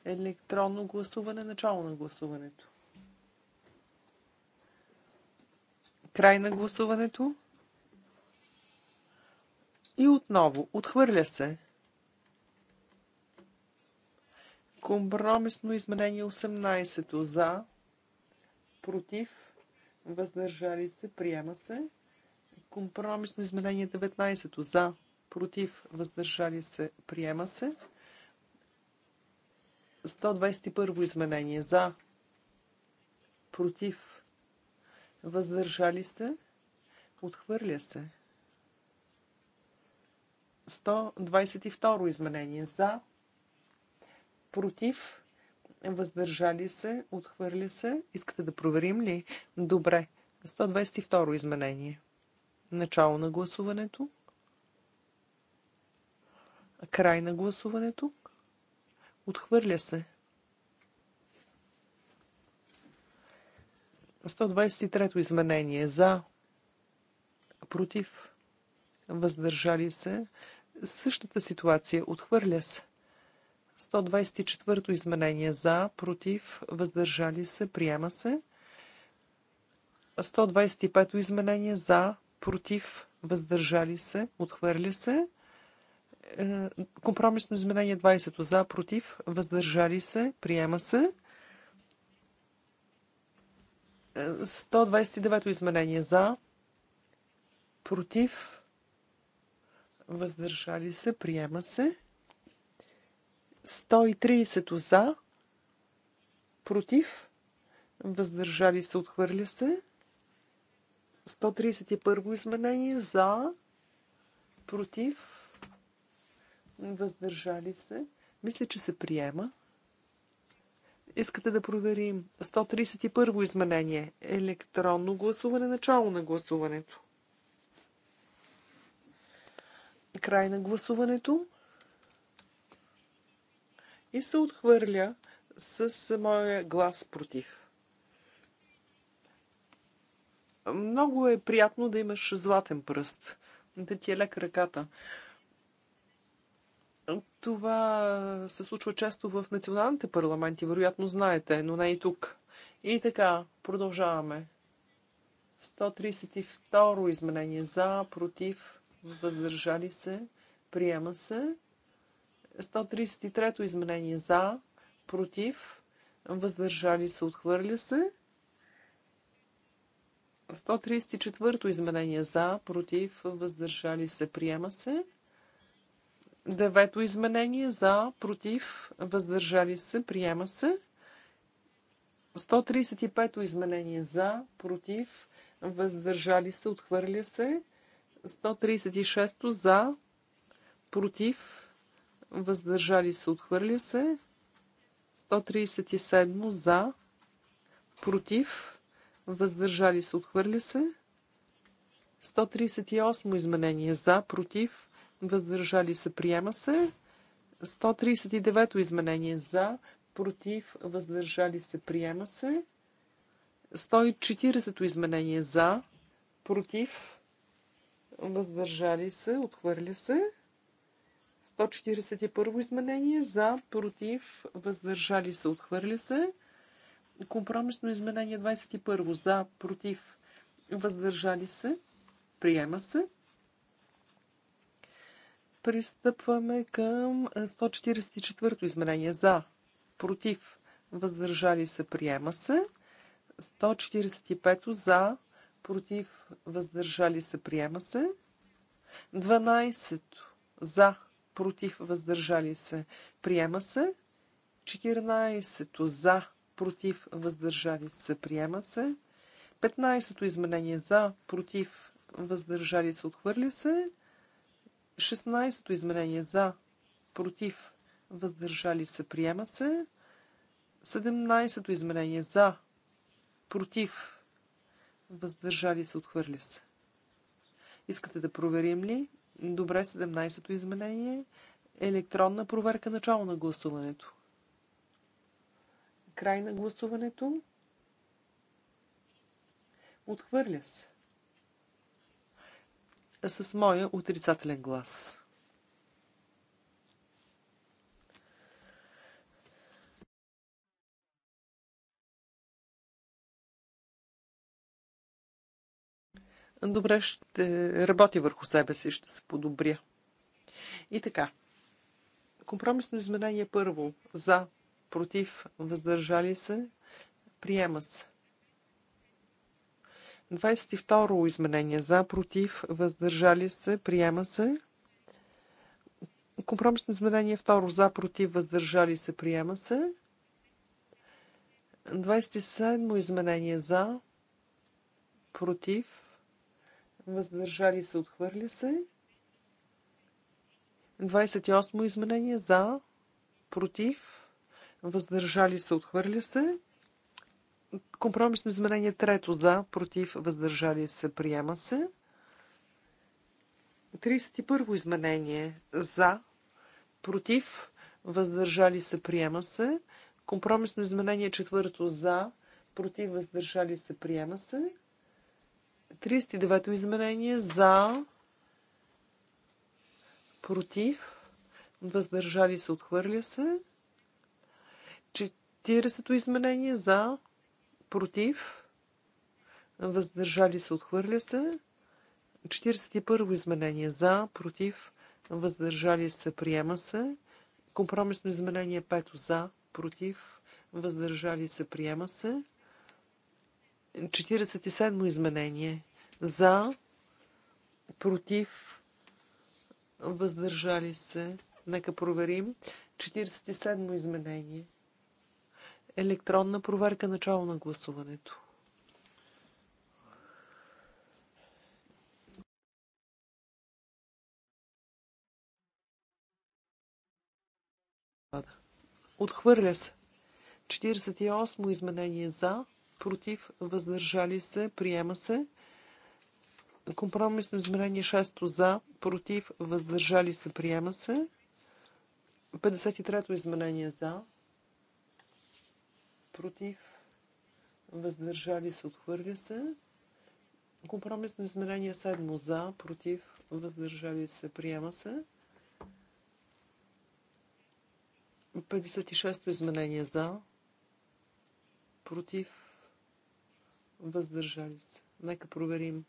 Електронно гласуване, начало на гласуването. Край на гласуването. И отново, отхвърля се. Компромисно изменение 18-то за, против, въздържали се, приема се. Компромисно изменение 19-то за, против, въздържали се, приема се. 121 изменение за, против, въздържали се, отхвърля се. 122 изменение за, против, въздържали се, отхвърля се. Искате да проверим ли? Добре. 122 изменение. Начало на гласуването. Край на гласуването. Отхвърля се. 123-то изменение. За. Против. Въздържали се. Същата ситуация. Отхвърля се. 124-то изменение. За. Против. Въздържали се. Приема се. 125-то изменение. За. Против. Въздържали се. Отхвърля се. Е, компромисно изменение 20 за, против, въздържали се, приема се. 129 е, изменение за, против, въздържали се, приема се. 130 за, против, въздържали се, отхвърля се. 131 изменение за, против, въздържали се. Мисля, че се приема. Искате да проверим 131 изменение. Електронно гласуване, начало на гласуването. Край на гласуването. И се отхвърля с моя глас против. Много е приятно да имаш златен пръст, да ти е лек ръката. Това се случва често в националните парламенти, вероятно знаете, но не и тук. И така, продължаваме. 132 изменение за, против, въздържали се, приема се. 133 изменение за, против, въздържали се, отхвърля се. 134 изменение за, против, въздържали се, приема се. Девето изменение за, против, въздържали се, приема се. 135-то изменение за, против, въздържали се, отхвърля се. 136-то за, против, въздържали се, отхвърля се. 137 за, против, въздържали се, отхвърля се. 138 изменение за, против, въздържали се, приема се. 139-то изменение за, против, въздържали се, приема се. 140-то изменение за, против, въздържали се, отхвърля се. 141 изменение за, против, въздържали се, отхвърля се. Компромисно изменение 21 за, против, въздържали се, приема се. Пристъпваме към 144-то изменение. За, против, въздържали се, приема се. 145-то за, против, въздържали се, приема се. 12-то за, против, въздържали се, приема се. 14-то за, против, въздържали се, приема се. 15-то изменение за, против, въздържали се, отхвърля се. 16-то изменение за, против, въздържали се, приема се. 17-то изменение за, против, въздържали се, отхвърля се. Искате да проверим ли? Добре, 17-то изменение. Електронна проверка начало на гласуването. Край на гласуването. Отхвърля се с моя отрицателен глас. Добре, ще работя върху себе си, ще се подобря. И така. Компромисно изменение първо. За, против, въздържали се, приема се. 22 изменение за, против, въздържали се, приема се. Компромисно изменение 2 за, против, въздържали се, приема се. 27 изменение за, против, въздържали се, отхвърля се. 28 изменение за, против, въздържали се, отхвърля се. Компромисно изменение трето за, против, въздържали се, приема се. 31 изменение за, против, въздържали се, приема се. Компромисно изменение четвърто за, против, въздържали се, приема се. 39 изменение за, против, въздържали се, отхвърля се. 40 изменение за, против, въздържали се, отхвърля се. 41 изменение за, против, въздържали се, приема се. Компромисно изменение 5 за, против, въздържали се, приема се. 47 изменение за, против, въздържали се. Нека проверим. 47 изменение. Електронна проверка начало на гласуването. Отхвърля се. 48 изменение за, против, въздържали се, приема се. Компромисно измерение 6 за, против, въздържали се, приема се. 53-то изменение за, против, въздържали се, отхвърля се. Компромисно измерение 7 за, против, въздържали се, приема се. 56-то изменение за, против, въздържали се. Нека проверим.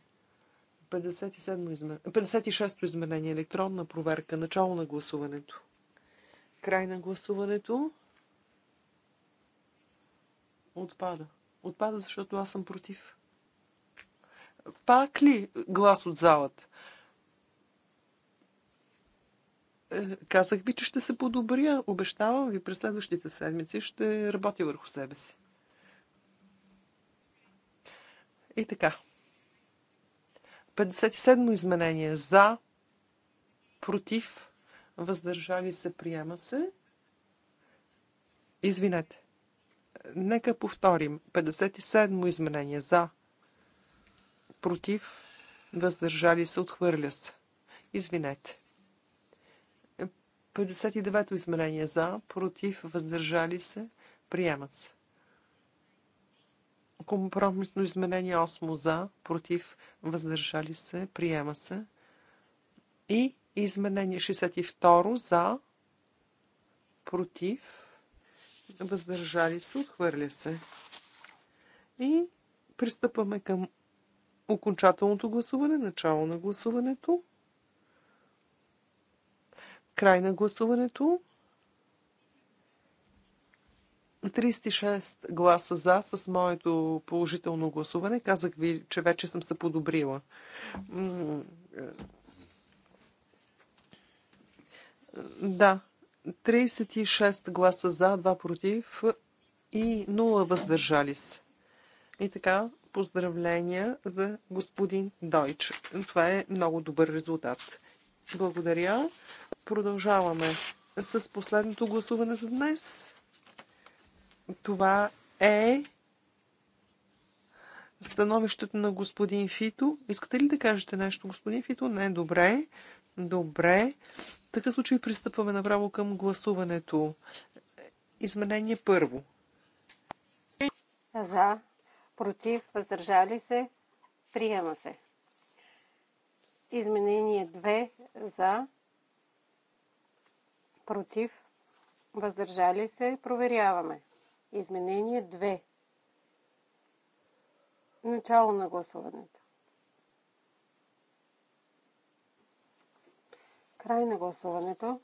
56-то изменение електронна проверка, начало на гласуването. Край на гласуването. Отпада. Отпада, защото аз съм против. Пак ли глас от залата? Е, казах ви, че ще се подобря. Обещавам ви, през следващите седмици ще работя върху себе си. И така. 57-мо изменение. За, против, въздържали се, приема се. Извинете. Нека повторим. 57 изменение за. Против. Въздържали се. Отхвърля се. Извинете. 59-то изменение за, против, въздържали се, приемат се. Компромисно изменение 8 за, против, въздържали се, приема се. И изменение 62 за, против, въздържали се, отхвърля се. И пристъпваме към окончателното гласуване, начало на гласуването, край на гласуването. 36 гласа за с моето положително гласуване. Казах ви, че вече съм се подобрила. Е. Да, 36 гласа за, 2 против и 0 въздържали се. И така, поздравления за господин Дойч. Това е много добър резултат. Благодаря. Продължаваме с последното гласуване за днес. Това е становището на господин Фито. Искате ли да кажете нещо, господин Фито? Не, добре. Добре. В такъв случай пристъпваме направо към гласуването. Изменение първо. За, против, въздържали се, приема се. Изменение 2 за, против, въздържали се, проверяваме. Изменение 2. Начало на гласуването. Край на гласуването.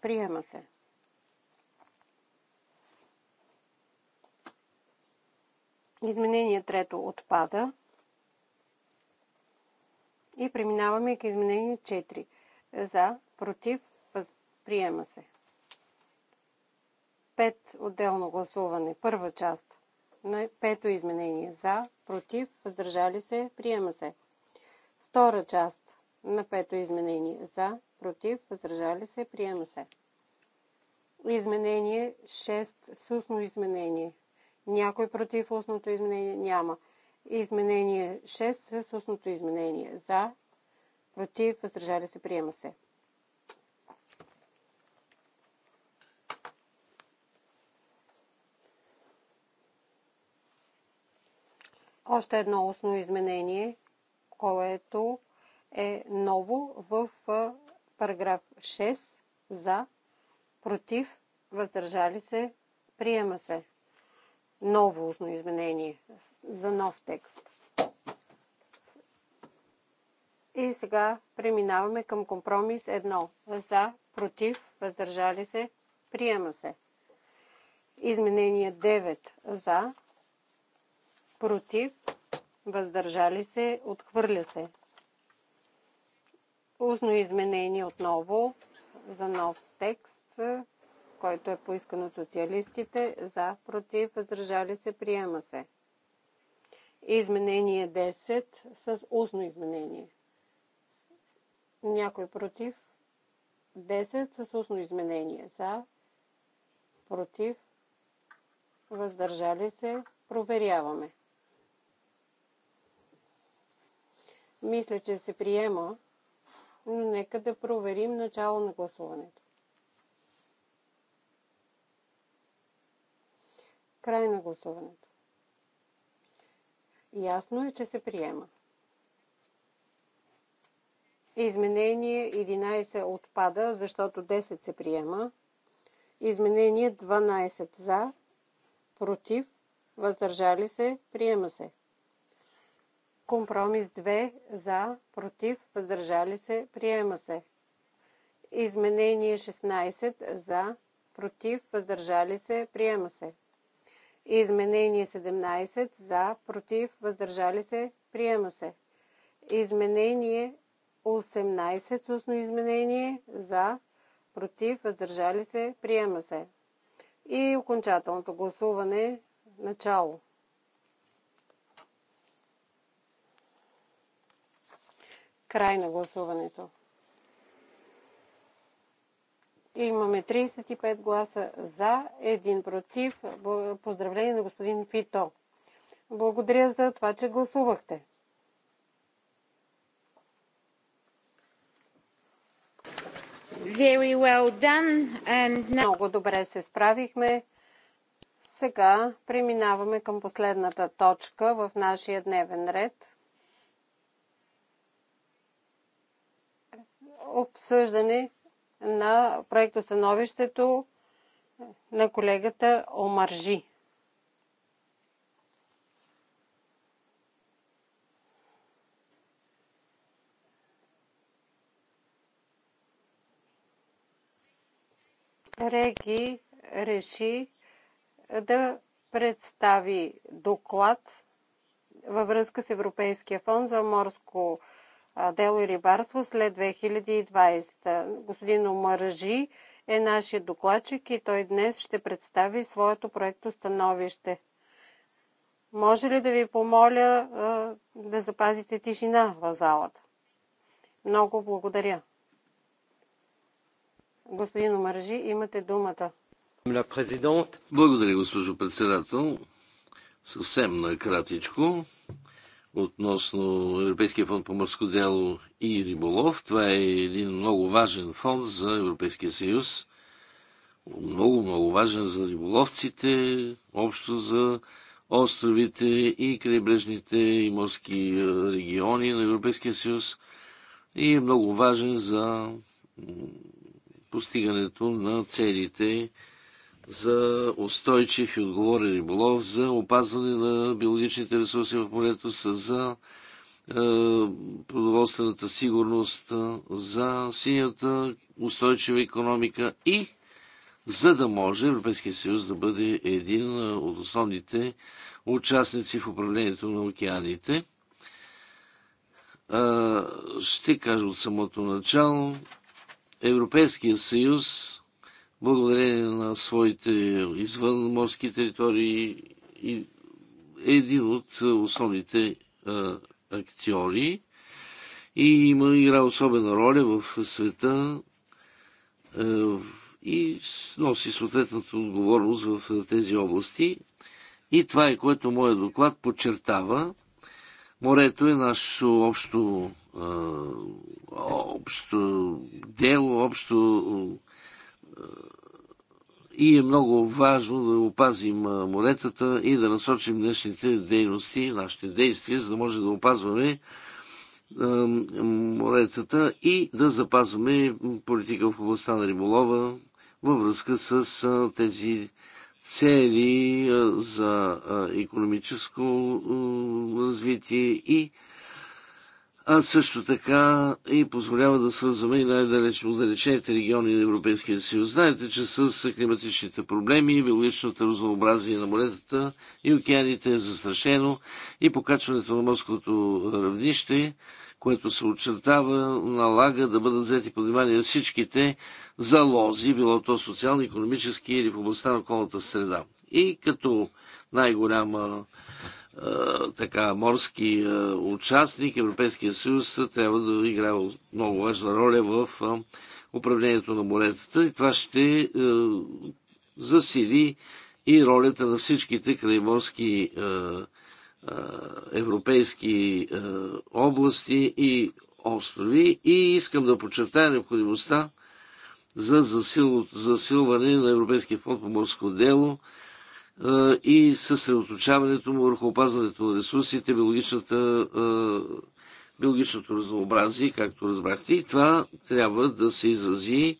Приема се. Изменение трето отпада. И преминаваме к изменение 4. За, против, приема се. Пет отделно гласуване. Първа част на пето изменение. За, против, въздържали се, приема се. Втора част на пето изменение. За, против, въздържали се, приема се. Изменение 6 с устно изменение. Някой против устното изменение няма. Изменение 6 с устното изменение. За, против, въздържали се, приема се. Още едно устно изменение, което е ново в параграф 6 за, против, въздържали се, приема се. Ново устно изменение за нов текст. И сега преминаваме към компромис 1. За, против, въздържали се, приема се. Изменение 9 за, против, въздържали се, отхвърля се. Устно изменение отново за нов текст, който е поискан от социалистите. За, против, въздържали се, приема се. Изменение 10 с устно изменение. Някой против? 10 с устно изменение. За, против, въздържали се, проверяваме. Мисля, че се приема. Нека да проверим начало на гласуването. Край на гласуването. Ясно е, че се приема. Изменение 11 отпада, защото 10 се приема. Изменение 12 за, против, въздържали се, приема се. Компромис 2 за, против, въздържали се, приема се. Изменение 16 за, против, въздържали се, приема се. Изменение 17 за, против, въздържали се, приема се. Изменение 18 устно изменение за, против, въздържали се, приема се. И окончателното гласуване начало. Край на гласуването. Имаме 35 гласа за, 1 против. Поздравление на господин Фито. Благодаря за това, че гласувахте. Very well done. And now... Много добре се справихме. Сега преминаваме към последната точка в нашия дневен ред. обсъждане на проектостановището на колегата Омаржи. Реги реши да представи доклад във връзка с Европейския фонд за морско дело и рибарство след 2020. Господин Омаржи е нашия докладчик и той днес ще представи своето проекто становище. Може ли да ви помоля да запазите тишина в залата? Много благодаря. Господин Омаржи, имате думата. Благодаря, госпожо председател. Съвсем накратичко относно Европейския фонд по морско дело и риболов. Това е един много важен фонд за Европейския съюз. Много, много важен за риболовците, общо за островите и крайбрежните и морски региони на Европейския съюз и е много важен за постигането на целите за устойчив и отговорен риболов, за опазване на биологичните ресурси в полето, за е, продоволствената сигурност, за синята устойчива економика и за да може Европейския съюз да бъде един е, от основните участници в управлението на океаните. Е, ще кажа от самото начало, Европейския съюз благодарение на своите извънморски територии и е един от основните а, актьори и има игра особена роля в света а, и носи съответната отговорност в тези области. И това е което моят доклад подчертава. Морето е наше общо, а, общо дело, общо и е много важно да опазим моретата и да насочим днешните дейности, нашите действия, за да може да опазваме моретата и да запазваме политика в областта на риболова във връзка с тези цели за економическо развитие и а също така и позволява да свързваме и най далеч отдалечените региони на Европейския съюз. Знаете, че с климатичните проблеми, биологичното разнообразие на моретата и океаните е застрашено и покачването на морското равнище, което се очертава, налага да бъдат взети под внимание всичките залози, било то социално, економически или в областта на околната среда. И като най-голяма така, морски участник, Европейския съюз трябва да играе много важна роля в управлението на моретата и това ще засили и ролята на всичките крайморски европейски области и острови и искам да подчертая необходимостта за засилване на Европейския фонд по морско дело, е, и съсредоточаването му върху опазването на ресурсите, биологичната, е, биологичното разнообразие, както разбрахте. И това трябва да се изрази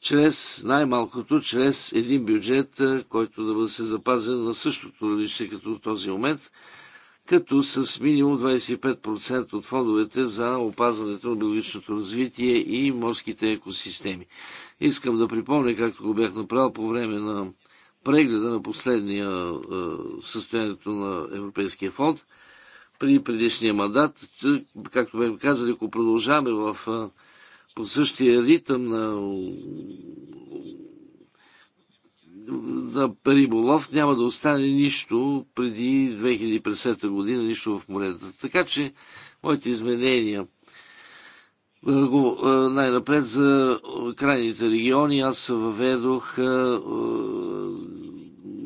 чрез, най-малкото, чрез един бюджет, е, който да бъде се запазен на същото равнище като в този момент, като с минимум 25% от фондовете за опазването на биологичното развитие и морските екосистеми. Искам да припомня, както го бях направил по време на прегледа на последния състоянието на Европейския фонд при предишния мандат. Както бе казали, ако продължаваме в, по същия ритъм на, на риболов, няма да остане нищо преди 2050 година, нищо в морето. Така че моите изменения е, е, най-напред за крайните региони аз въведох е,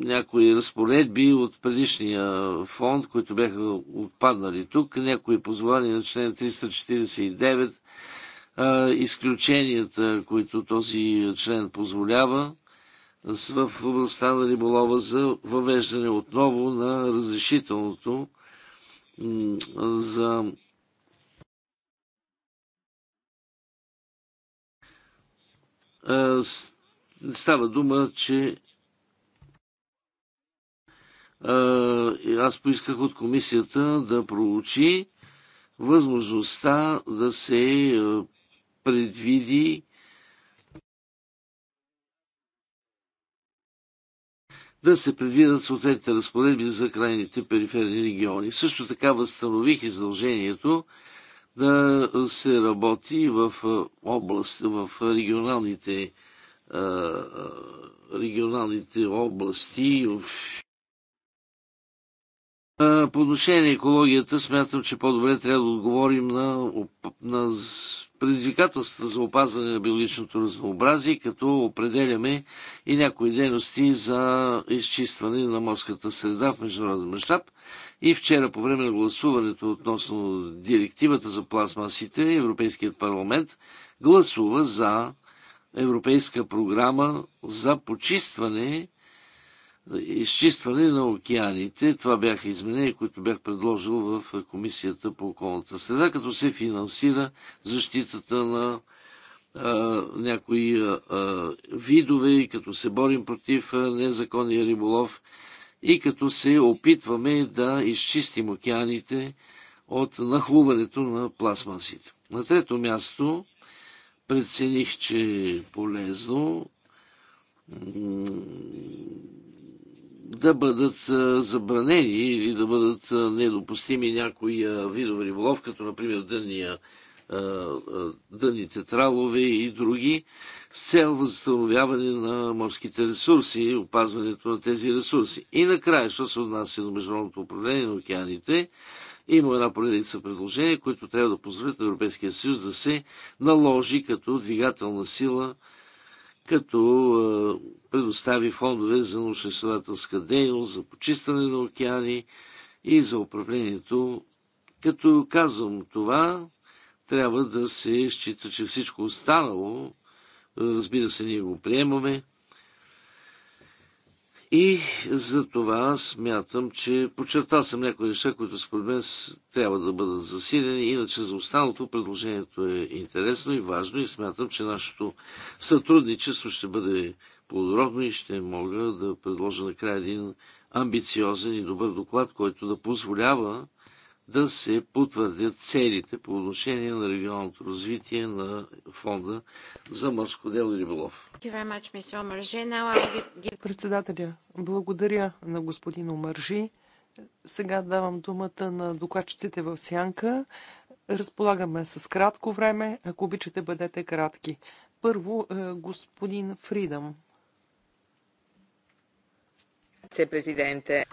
някои разпоредби от предишния фонд, които бяха отпаднали тук. Някои позволения на член 349, изключенията, които този член позволява в областта на риболова за въвеждане отново на разрешителното за става дума, че аз поисках от комисията да проучи възможността да се предвиди да се предвидят съответните разпоредби за крайните периферни региони. Също така възстанових издължението да се работи в област, в регионалните, регионалните области. По отношение на екологията, смятам, че по-добре трябва да отговорим на, на предизвикателства за опазване на биологичното разнообразие, като определяме и някои дейности за изчистване на морската среда в международен мащаб. И вчера по време на гласуването относно директивата за пластмасите, Европейският парламент гласува за Европейска програма за почистване изчистване на океаните. Това бяха изменения, които бях предложил в Комисията по околната среда, като се финансира защитата на а, някои а, видове и като се борим против незаконния риболов и като се опитваме да изчистим океаните от нахлуването на пластмасите. На трето място прецених, че е полезно да бъдат забранени или да бъдат недопустими някои видове риболов, като например дънния дъните тралове и други, с цел възстановяване на морските ресурси и опазването на тези ресурси. И накрая, що се отнася до международното управление на океаните, има една поредица предложения, които трябва да позволят Европейския съюз да се наложи като двигателна сила, като предостави фондове за научно-изследователска дейност, за почистване на океани и за управлението. Като казвам това, трябва да се счита, че всичко останало, разбира се, ние го приемаме. И за това смятам, че подчертал съм някои неща, които според мен трябва да бъдат засилени. Иначе за останалото предложението е интересно и важно и смятам, че нашето сътрудничество ще бъде плодородно и ще мога да предложа накрая един амбициозен и добър доклад, който да позволява да се потвърдят целите по отношение на регионалното развитие на фонда за морско дело и риболов. Председателя, благодаря на господин Омържи. Сега давам думата на докладчиците в Сянка. Разполагаме с кратко време. Ако обичате, бъдете кратки. Първо, е, господин Фридъм. Президенте.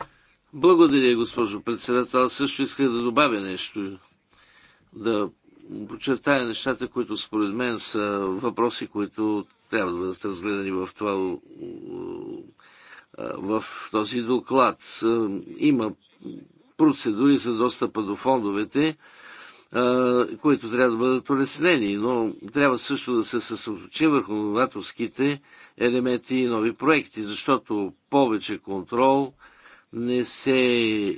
Благодаря, госпожо председател. Аз също исках да добавя нещо, да подчертая нещата, които според мен са въпроси, които трябва да бъдат разгледани в това в този доклад. Има процедури за достъпа до фондовете, които трябва да бъдат улеснени, но трябва също да се съсредоточи върху новаторските елементи и нови проекти, защото повече контрол не се е,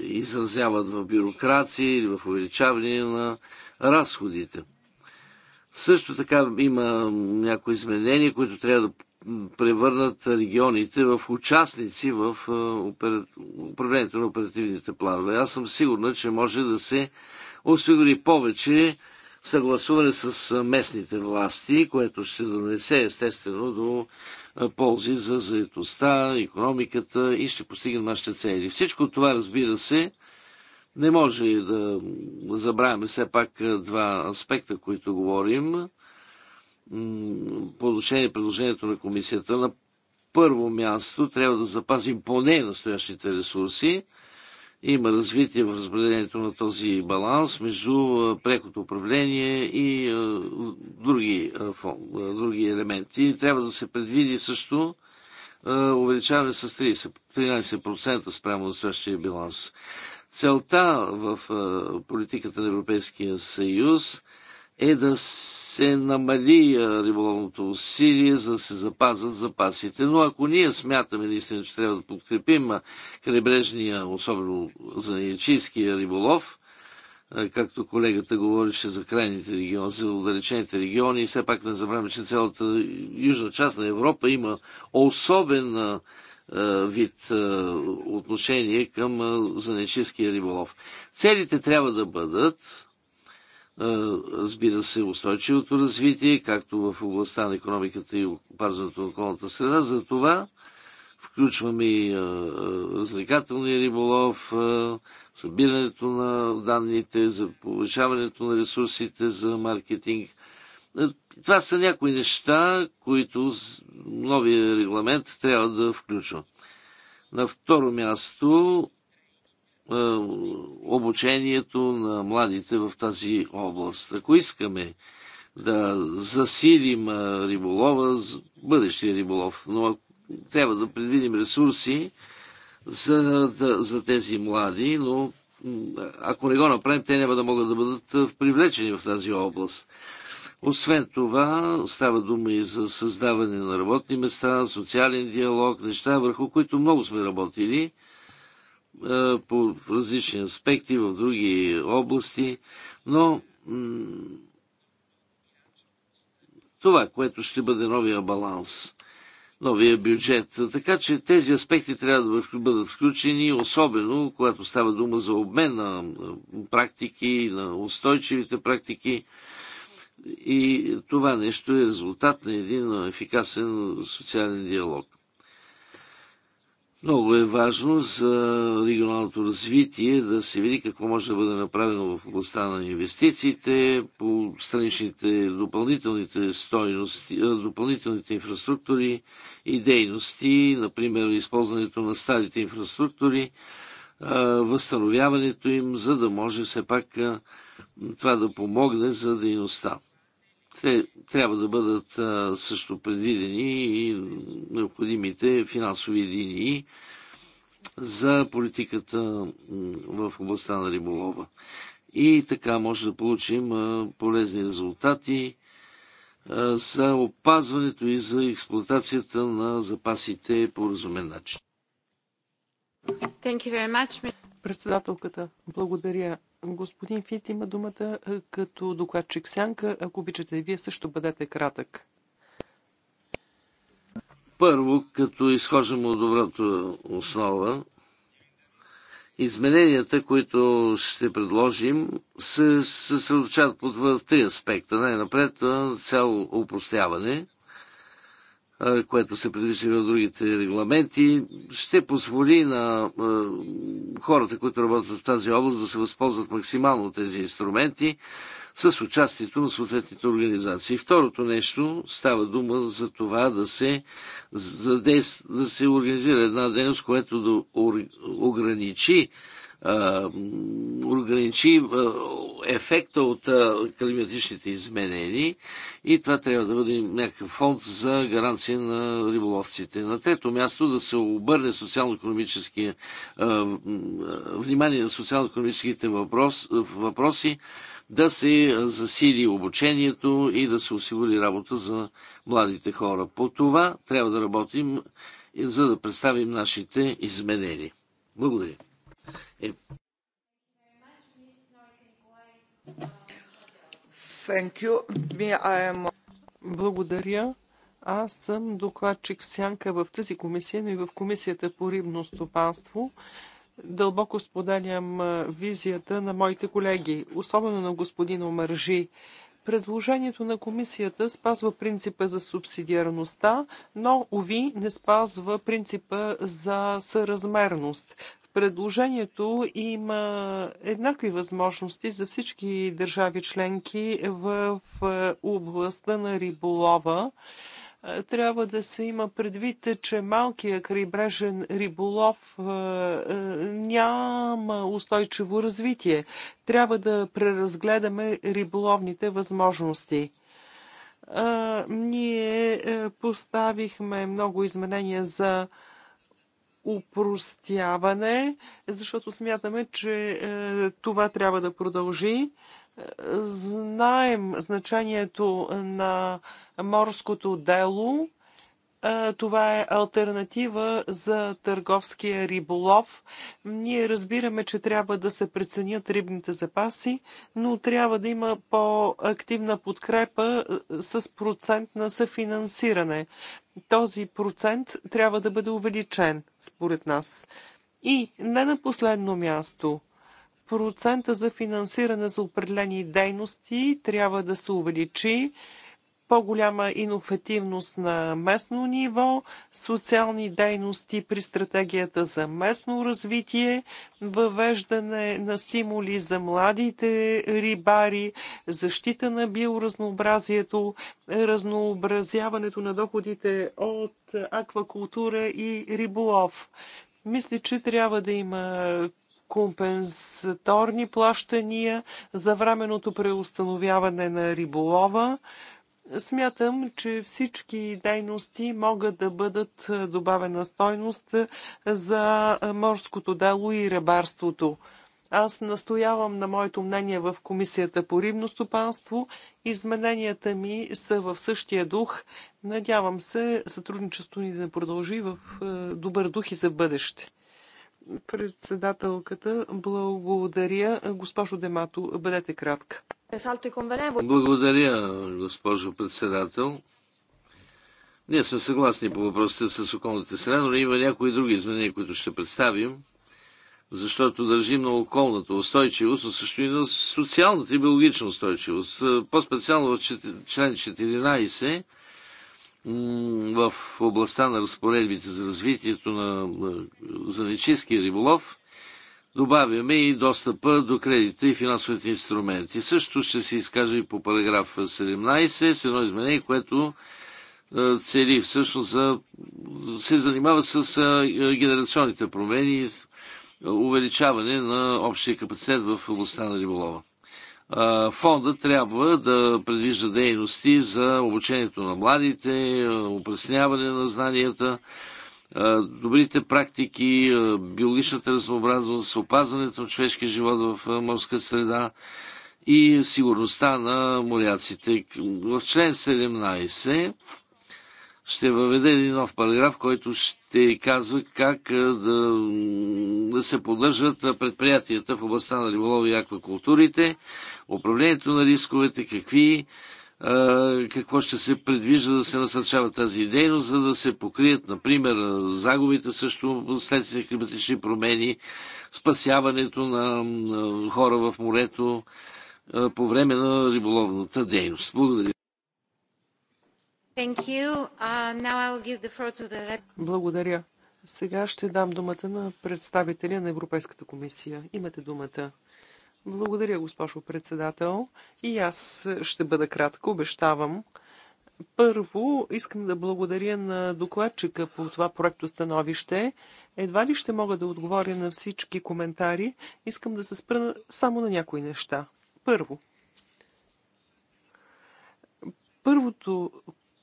изразяват в бюрокрация или в увеличаване на разходите. Също така има някои изменения, които трябва да превърнат регионите в участници в е, управлението на оперативните планове. Аз съм сигурна, че може да се осигури повече съгласуване с местните власти, което ще донесе естествено до ползи за заедостта, економиката и ще постигнем нашите цели. Всичко това, разбира се, не може да забравяме все пак два аспекта, които говорим по отношение предложението на комисията. На първо място трябва да запазим поне настоящите ресурси, има развитие в разпределението на този баланс между прекото управление и други, други елементи. Трябва да се предвиди също увеличаване с 30, 13% спрямо настоящия баланс. Целта в политиката на Европейския съюз е да се намали риболовното усилие, за да се запазят запасите. Но ако ние смятаме наистина, че трябва да подкрепим крайбрежния, особено за ячийския риболов, както колегата говореше за крайните региони, за отдалечените региони, и все пак не забравяме, че цялата южна част на Европа има особен вид отношение към занечиския риболов. Целите трябва да бъдат е, разбира се, устойчивото развитие, както в областта на економиката и опазването на околната среда. За това включваме и е, е, развлекателния риболов, събирането на данните, за повишаването на ресурсите за маркетинг. Това са някои неща, които новия регламент трябва да включва. На второ място е, обучението на младите в тази област. Ако искаме да засилим е, риболова, бъдещия риболов, но трябва да предвидим ресурси за, да, за тези млади, но ако не го направим, те няма да могат да бъдат е, привлечени в тази област. Освен това, става дума и за създаване на работни места, социален диалог, неща, върху които много сме работили – е, по различни аспекти в други области, но това, което ще бъде новия баланс, новия бюджет. Така че тези аспекти трябва да бъдат включени, особено когато става дума за обмен на практики, на устойчивите практики. И това нещо е резултат на един ефикасен социален диалог. Много е важно за регионалното развитие да се види какво може да бъде направено в областта на инвестициите, по страничните допълнителните стойности, допълнителните инфраструктури и дейности, например използването на старите инфраструктури, възстановяването им, за да може все пак това да помогне за дейността. Те трябва да бъдат също предвидени и необходимите финансови линии за политиката в областта на риболова. И така може да получим полезни резултати за опазването и за експлуатацията на запасите по разумен начин. Председателката, благодаря. Господин Фит има думата е, като докладчик Сянка. Ако обичате, вие също бъдете кратък. Първо, като изхождам от доброто основа, измененията, които ще предложим, се съсредоточават в три аспекта. Най-напред цяло упростяване, което се предвижда в другите регламенти, ще позволи на хората, които работят в тази област, да се възползват максимално от тези инструменти с участието на съответните организации. Второто нещо става дума за това да се, задейств, да се организира една дейност, която да ограничи ограничи ефекта от климатичните изменения и това трябва да бъде някакъв фонд за гаранция на риболовците. На трето място да се обърне социално-економическия внимание на социално-економическите въпрос, въпроси, да се засили обучението и да се осигури работа за младите хора. По това трябва да работим, за да представим нашите изменения. Благодаря. И... Е, am... Благодаря. Аз съм докладчик в сянка в тази комисия, но и в комисията по рибно стопанство. Дълбоко споделям визията на моите колеги, особено на господин Омържи. Предложението на комисията спазва принципа за субсидиарността, но, уви, не спазва принципа за съразмерност предложението има еднакви възможности за всички държави членки в областта на риболова. Е, трябва да се има предвид, че малкият крайбрежен риболов е, е, няма устойчиво развитие. Трябва да преразгледаме риболовните възможности ние поставихме много изменения за упростяване, защото смятаме, че е, това трябва да продължи. Е, знаем значението на морското дело. Е, това е альтернатива за търговския риболов. Ние разбираме, че трябва да се преценят рибните запаси, но трябва да има по-активна подкрепа с процент на съфинансиране този процент трябва да бъде увеличен, според нас. И не на последно място, процента за финансиране за определени дейности трябва да се увеличи по-голяма иновативност на местно ниво, социални дейности при стратегията за местно развитие, въвеждане на стимули за младите рибари, защита на биоразнообразието, разнообразяването на доходите от аквакултура и риболов. Мисля, че трябва да има компенсаторни плащания за временното преустановяване на риболова, Смятам, че всички дейности могат да бъдат е, добавена стойност е, за е, морското дело и рибарството. Аз настоявам на моето мнение в Комисията по рибно стопанство. Измененията ми са в същия дух. Надявам се сътрудничеството ни да продължи в добър дух и за бъдеще. Председателката, благодаря. Госпожо Демато, бъдете кратка. Благодаря, госпожо председател. Ние сме съгласни по въпросите с околната среда, но има някои други изменения, които ще представим, защото държим на околната устойчивост, но също и на социалната и биологична устойчивост. По-специално в член 14 в областта на разпоредбите за развитието на занечиски риболов, добавяме и достъпа до кредита и финансовите инструменти. Също ще се изкаже и по параграф 17 с едно изменение, което е, цели всъщност за, се занимава с е, генерационните промени, е, увеличаване на общия капацитет в областта на риболова. Фонда трябва да предвижда дейности за обучението на младите, упресняване на знанията, добрите практики, биологичната разнообразност, опазването на човешкия живот в морска среда и сигурността на моряците. В член 17 ще въведе един нов параграф, който ще казва как да, да се поддържат предприятията в областта на риболови и аквакултурите, управлението на рисковете, какви какво ще се предвижда да се насърчава тази дейност, за да се покрият, например, загубите също след климатични промени, спасяването на хора в морето по време на риболовната дейност. Благодаря. The... Благодаря. Сега ще дам думата на представителя на Европейската комисия. Имате думата. Благодаря, госпожо председател. И аз ще бъда кратко, обещавам. Първо, искам да благодаря на докладчика по това проекто становище. Едва ли ще мога да отговоря на всички коментари. Искам да се спра само на някои неща. Първо, първото,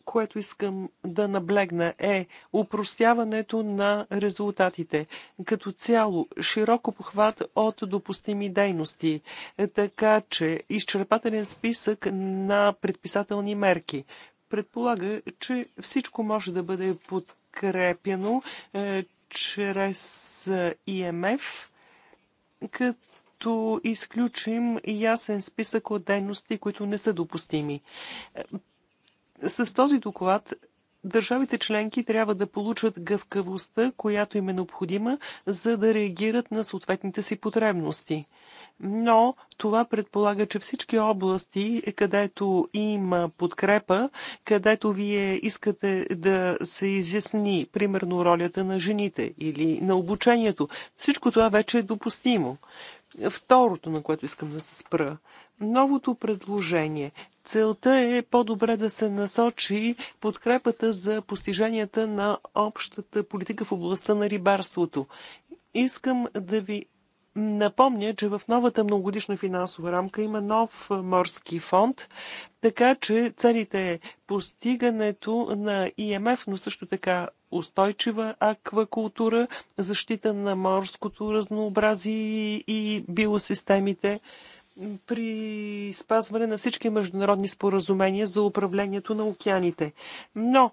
което искам да наблегна е упростяването на резултатите. Като цяло, широко похват от допустими дейности, е, така че изчерпателен списък на предписателни мерки. Предполага, че всичко може да бъде подкрепено е, чрез е, ИМФ, като като изключим ясен списък от дейности, които не са допустими. Е, с този доклад държавите членки трябва да получат гъвкавостта, която им е необходима, за да реагират на съответните си потребности. Но това предполага, че всички области, където има подкрепа, където вие искате да се изясни, примерно, ролята на жените или на обучението, всичко това вече е допустимо. Второто, на което искам да се спра. Новото предложение. Целта е по-добре да се насочи подкрепата за постиженията на общата политика в областта на рибарството. Искам да ви Напомня, че в новата многогодишна финансова рамка има нов морски фонд, така че целите е постигането на ИМФ, но също така устойчива аквакултура, защита на морското разнообразие и биосистемите при спазване на всички международни споразумения за управлението на океаните. Но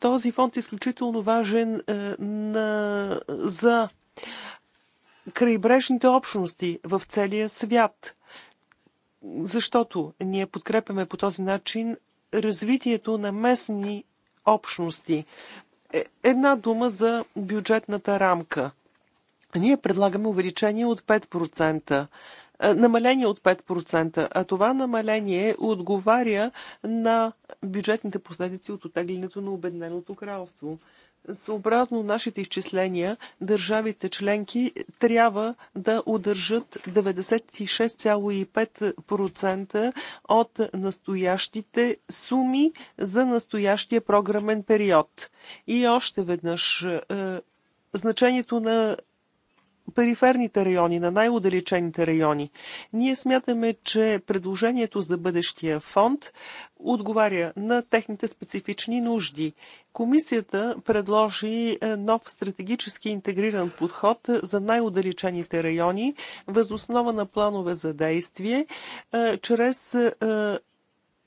този фонд е изключително важен на, за крайбрежните общности в целия свят, защото ние подкрепяме по този начин развитието на местни общности. Е една дума за бюджетната рамка. Ние предлагаме увеличение от 5% е, намаление от 5%, а това намаление отговаря на бюджетните последици от отеглянето на Обединеното кралство съобразно нашите изчисления, държавите членки трябва да удържат 96,5% от настоящите суми за настоящия програмен период. И още веднъж е, значението на периферните райони, на най-удалечените райони. Ние смятаме, че предложението за бъдещия фонд отговаря на техните специфични нужди. Комисията предложи е, нов стратегически интегриран подход за най-удалечените райони, възоснова на планове за действие, е, чрез е,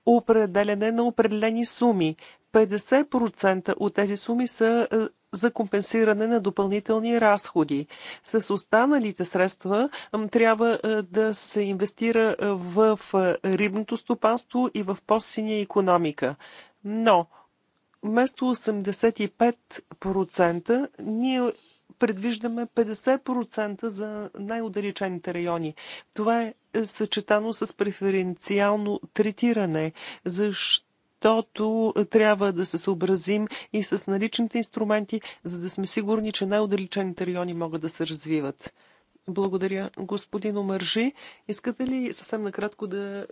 определене на определени суми. 50% от тези суми са за компенсиране на допълнителни разходи. С останалите средства трябва е, да се инвестира е, в е, рибното стопанство и в по-синя економика. Но вместо 85% ние предвиждаме 50% за най-удалечените райони. Това е съчетано с преференциално третиране, защото защото е, трябва да се съобразим и с наличните инструменти, за да сме сигурни, че най-удалечените райони могат да се развиват. Благодаря, господин Омържи. Искате ли съвсем накратко да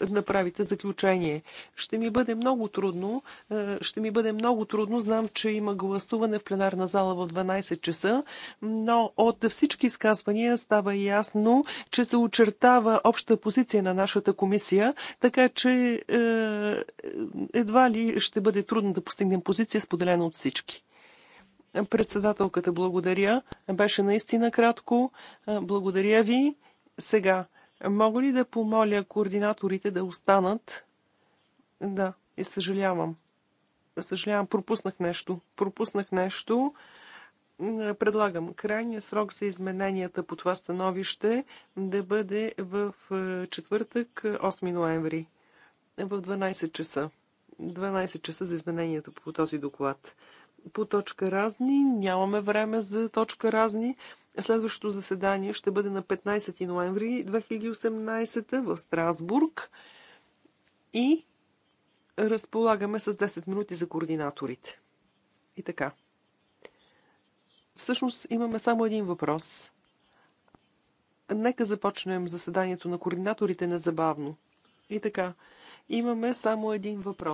е, направите заключение? Ще ми бъде много трудно. Е, ще ми бъде много трудно. Знам, че има гласуване в пленарна зала в 12 часа, но от всички изказвания става ясно, че се очертава обща позиция на нашата комисия, така че е, едва ли ще бъде трудно да постигнем позиция, споделена от всички. Председателката благодаря. Беше наистина кратко. Благодаря ви. Сега, мога ли да помоля координаторите да останат? Да, и съжалявам. Съжалявам, пропуснах нещо. Пропуснах нещо. Предлагам крайния срок за измененията по това становище да бъде в четвъртък, 8 ноември, в 12 часа. 12 часа за измененията по този доклад по точка разни. Нямаме време за точка разни. Следващото заседание ще бъде на 15 ноември 2018 в Страсбург и разполагаме с 10 минути за координаторите. И така. Всъщност имаме само един въпрос. Нека започнем заседанието на координаторите незабавно. И така. Имаме само един въпрос.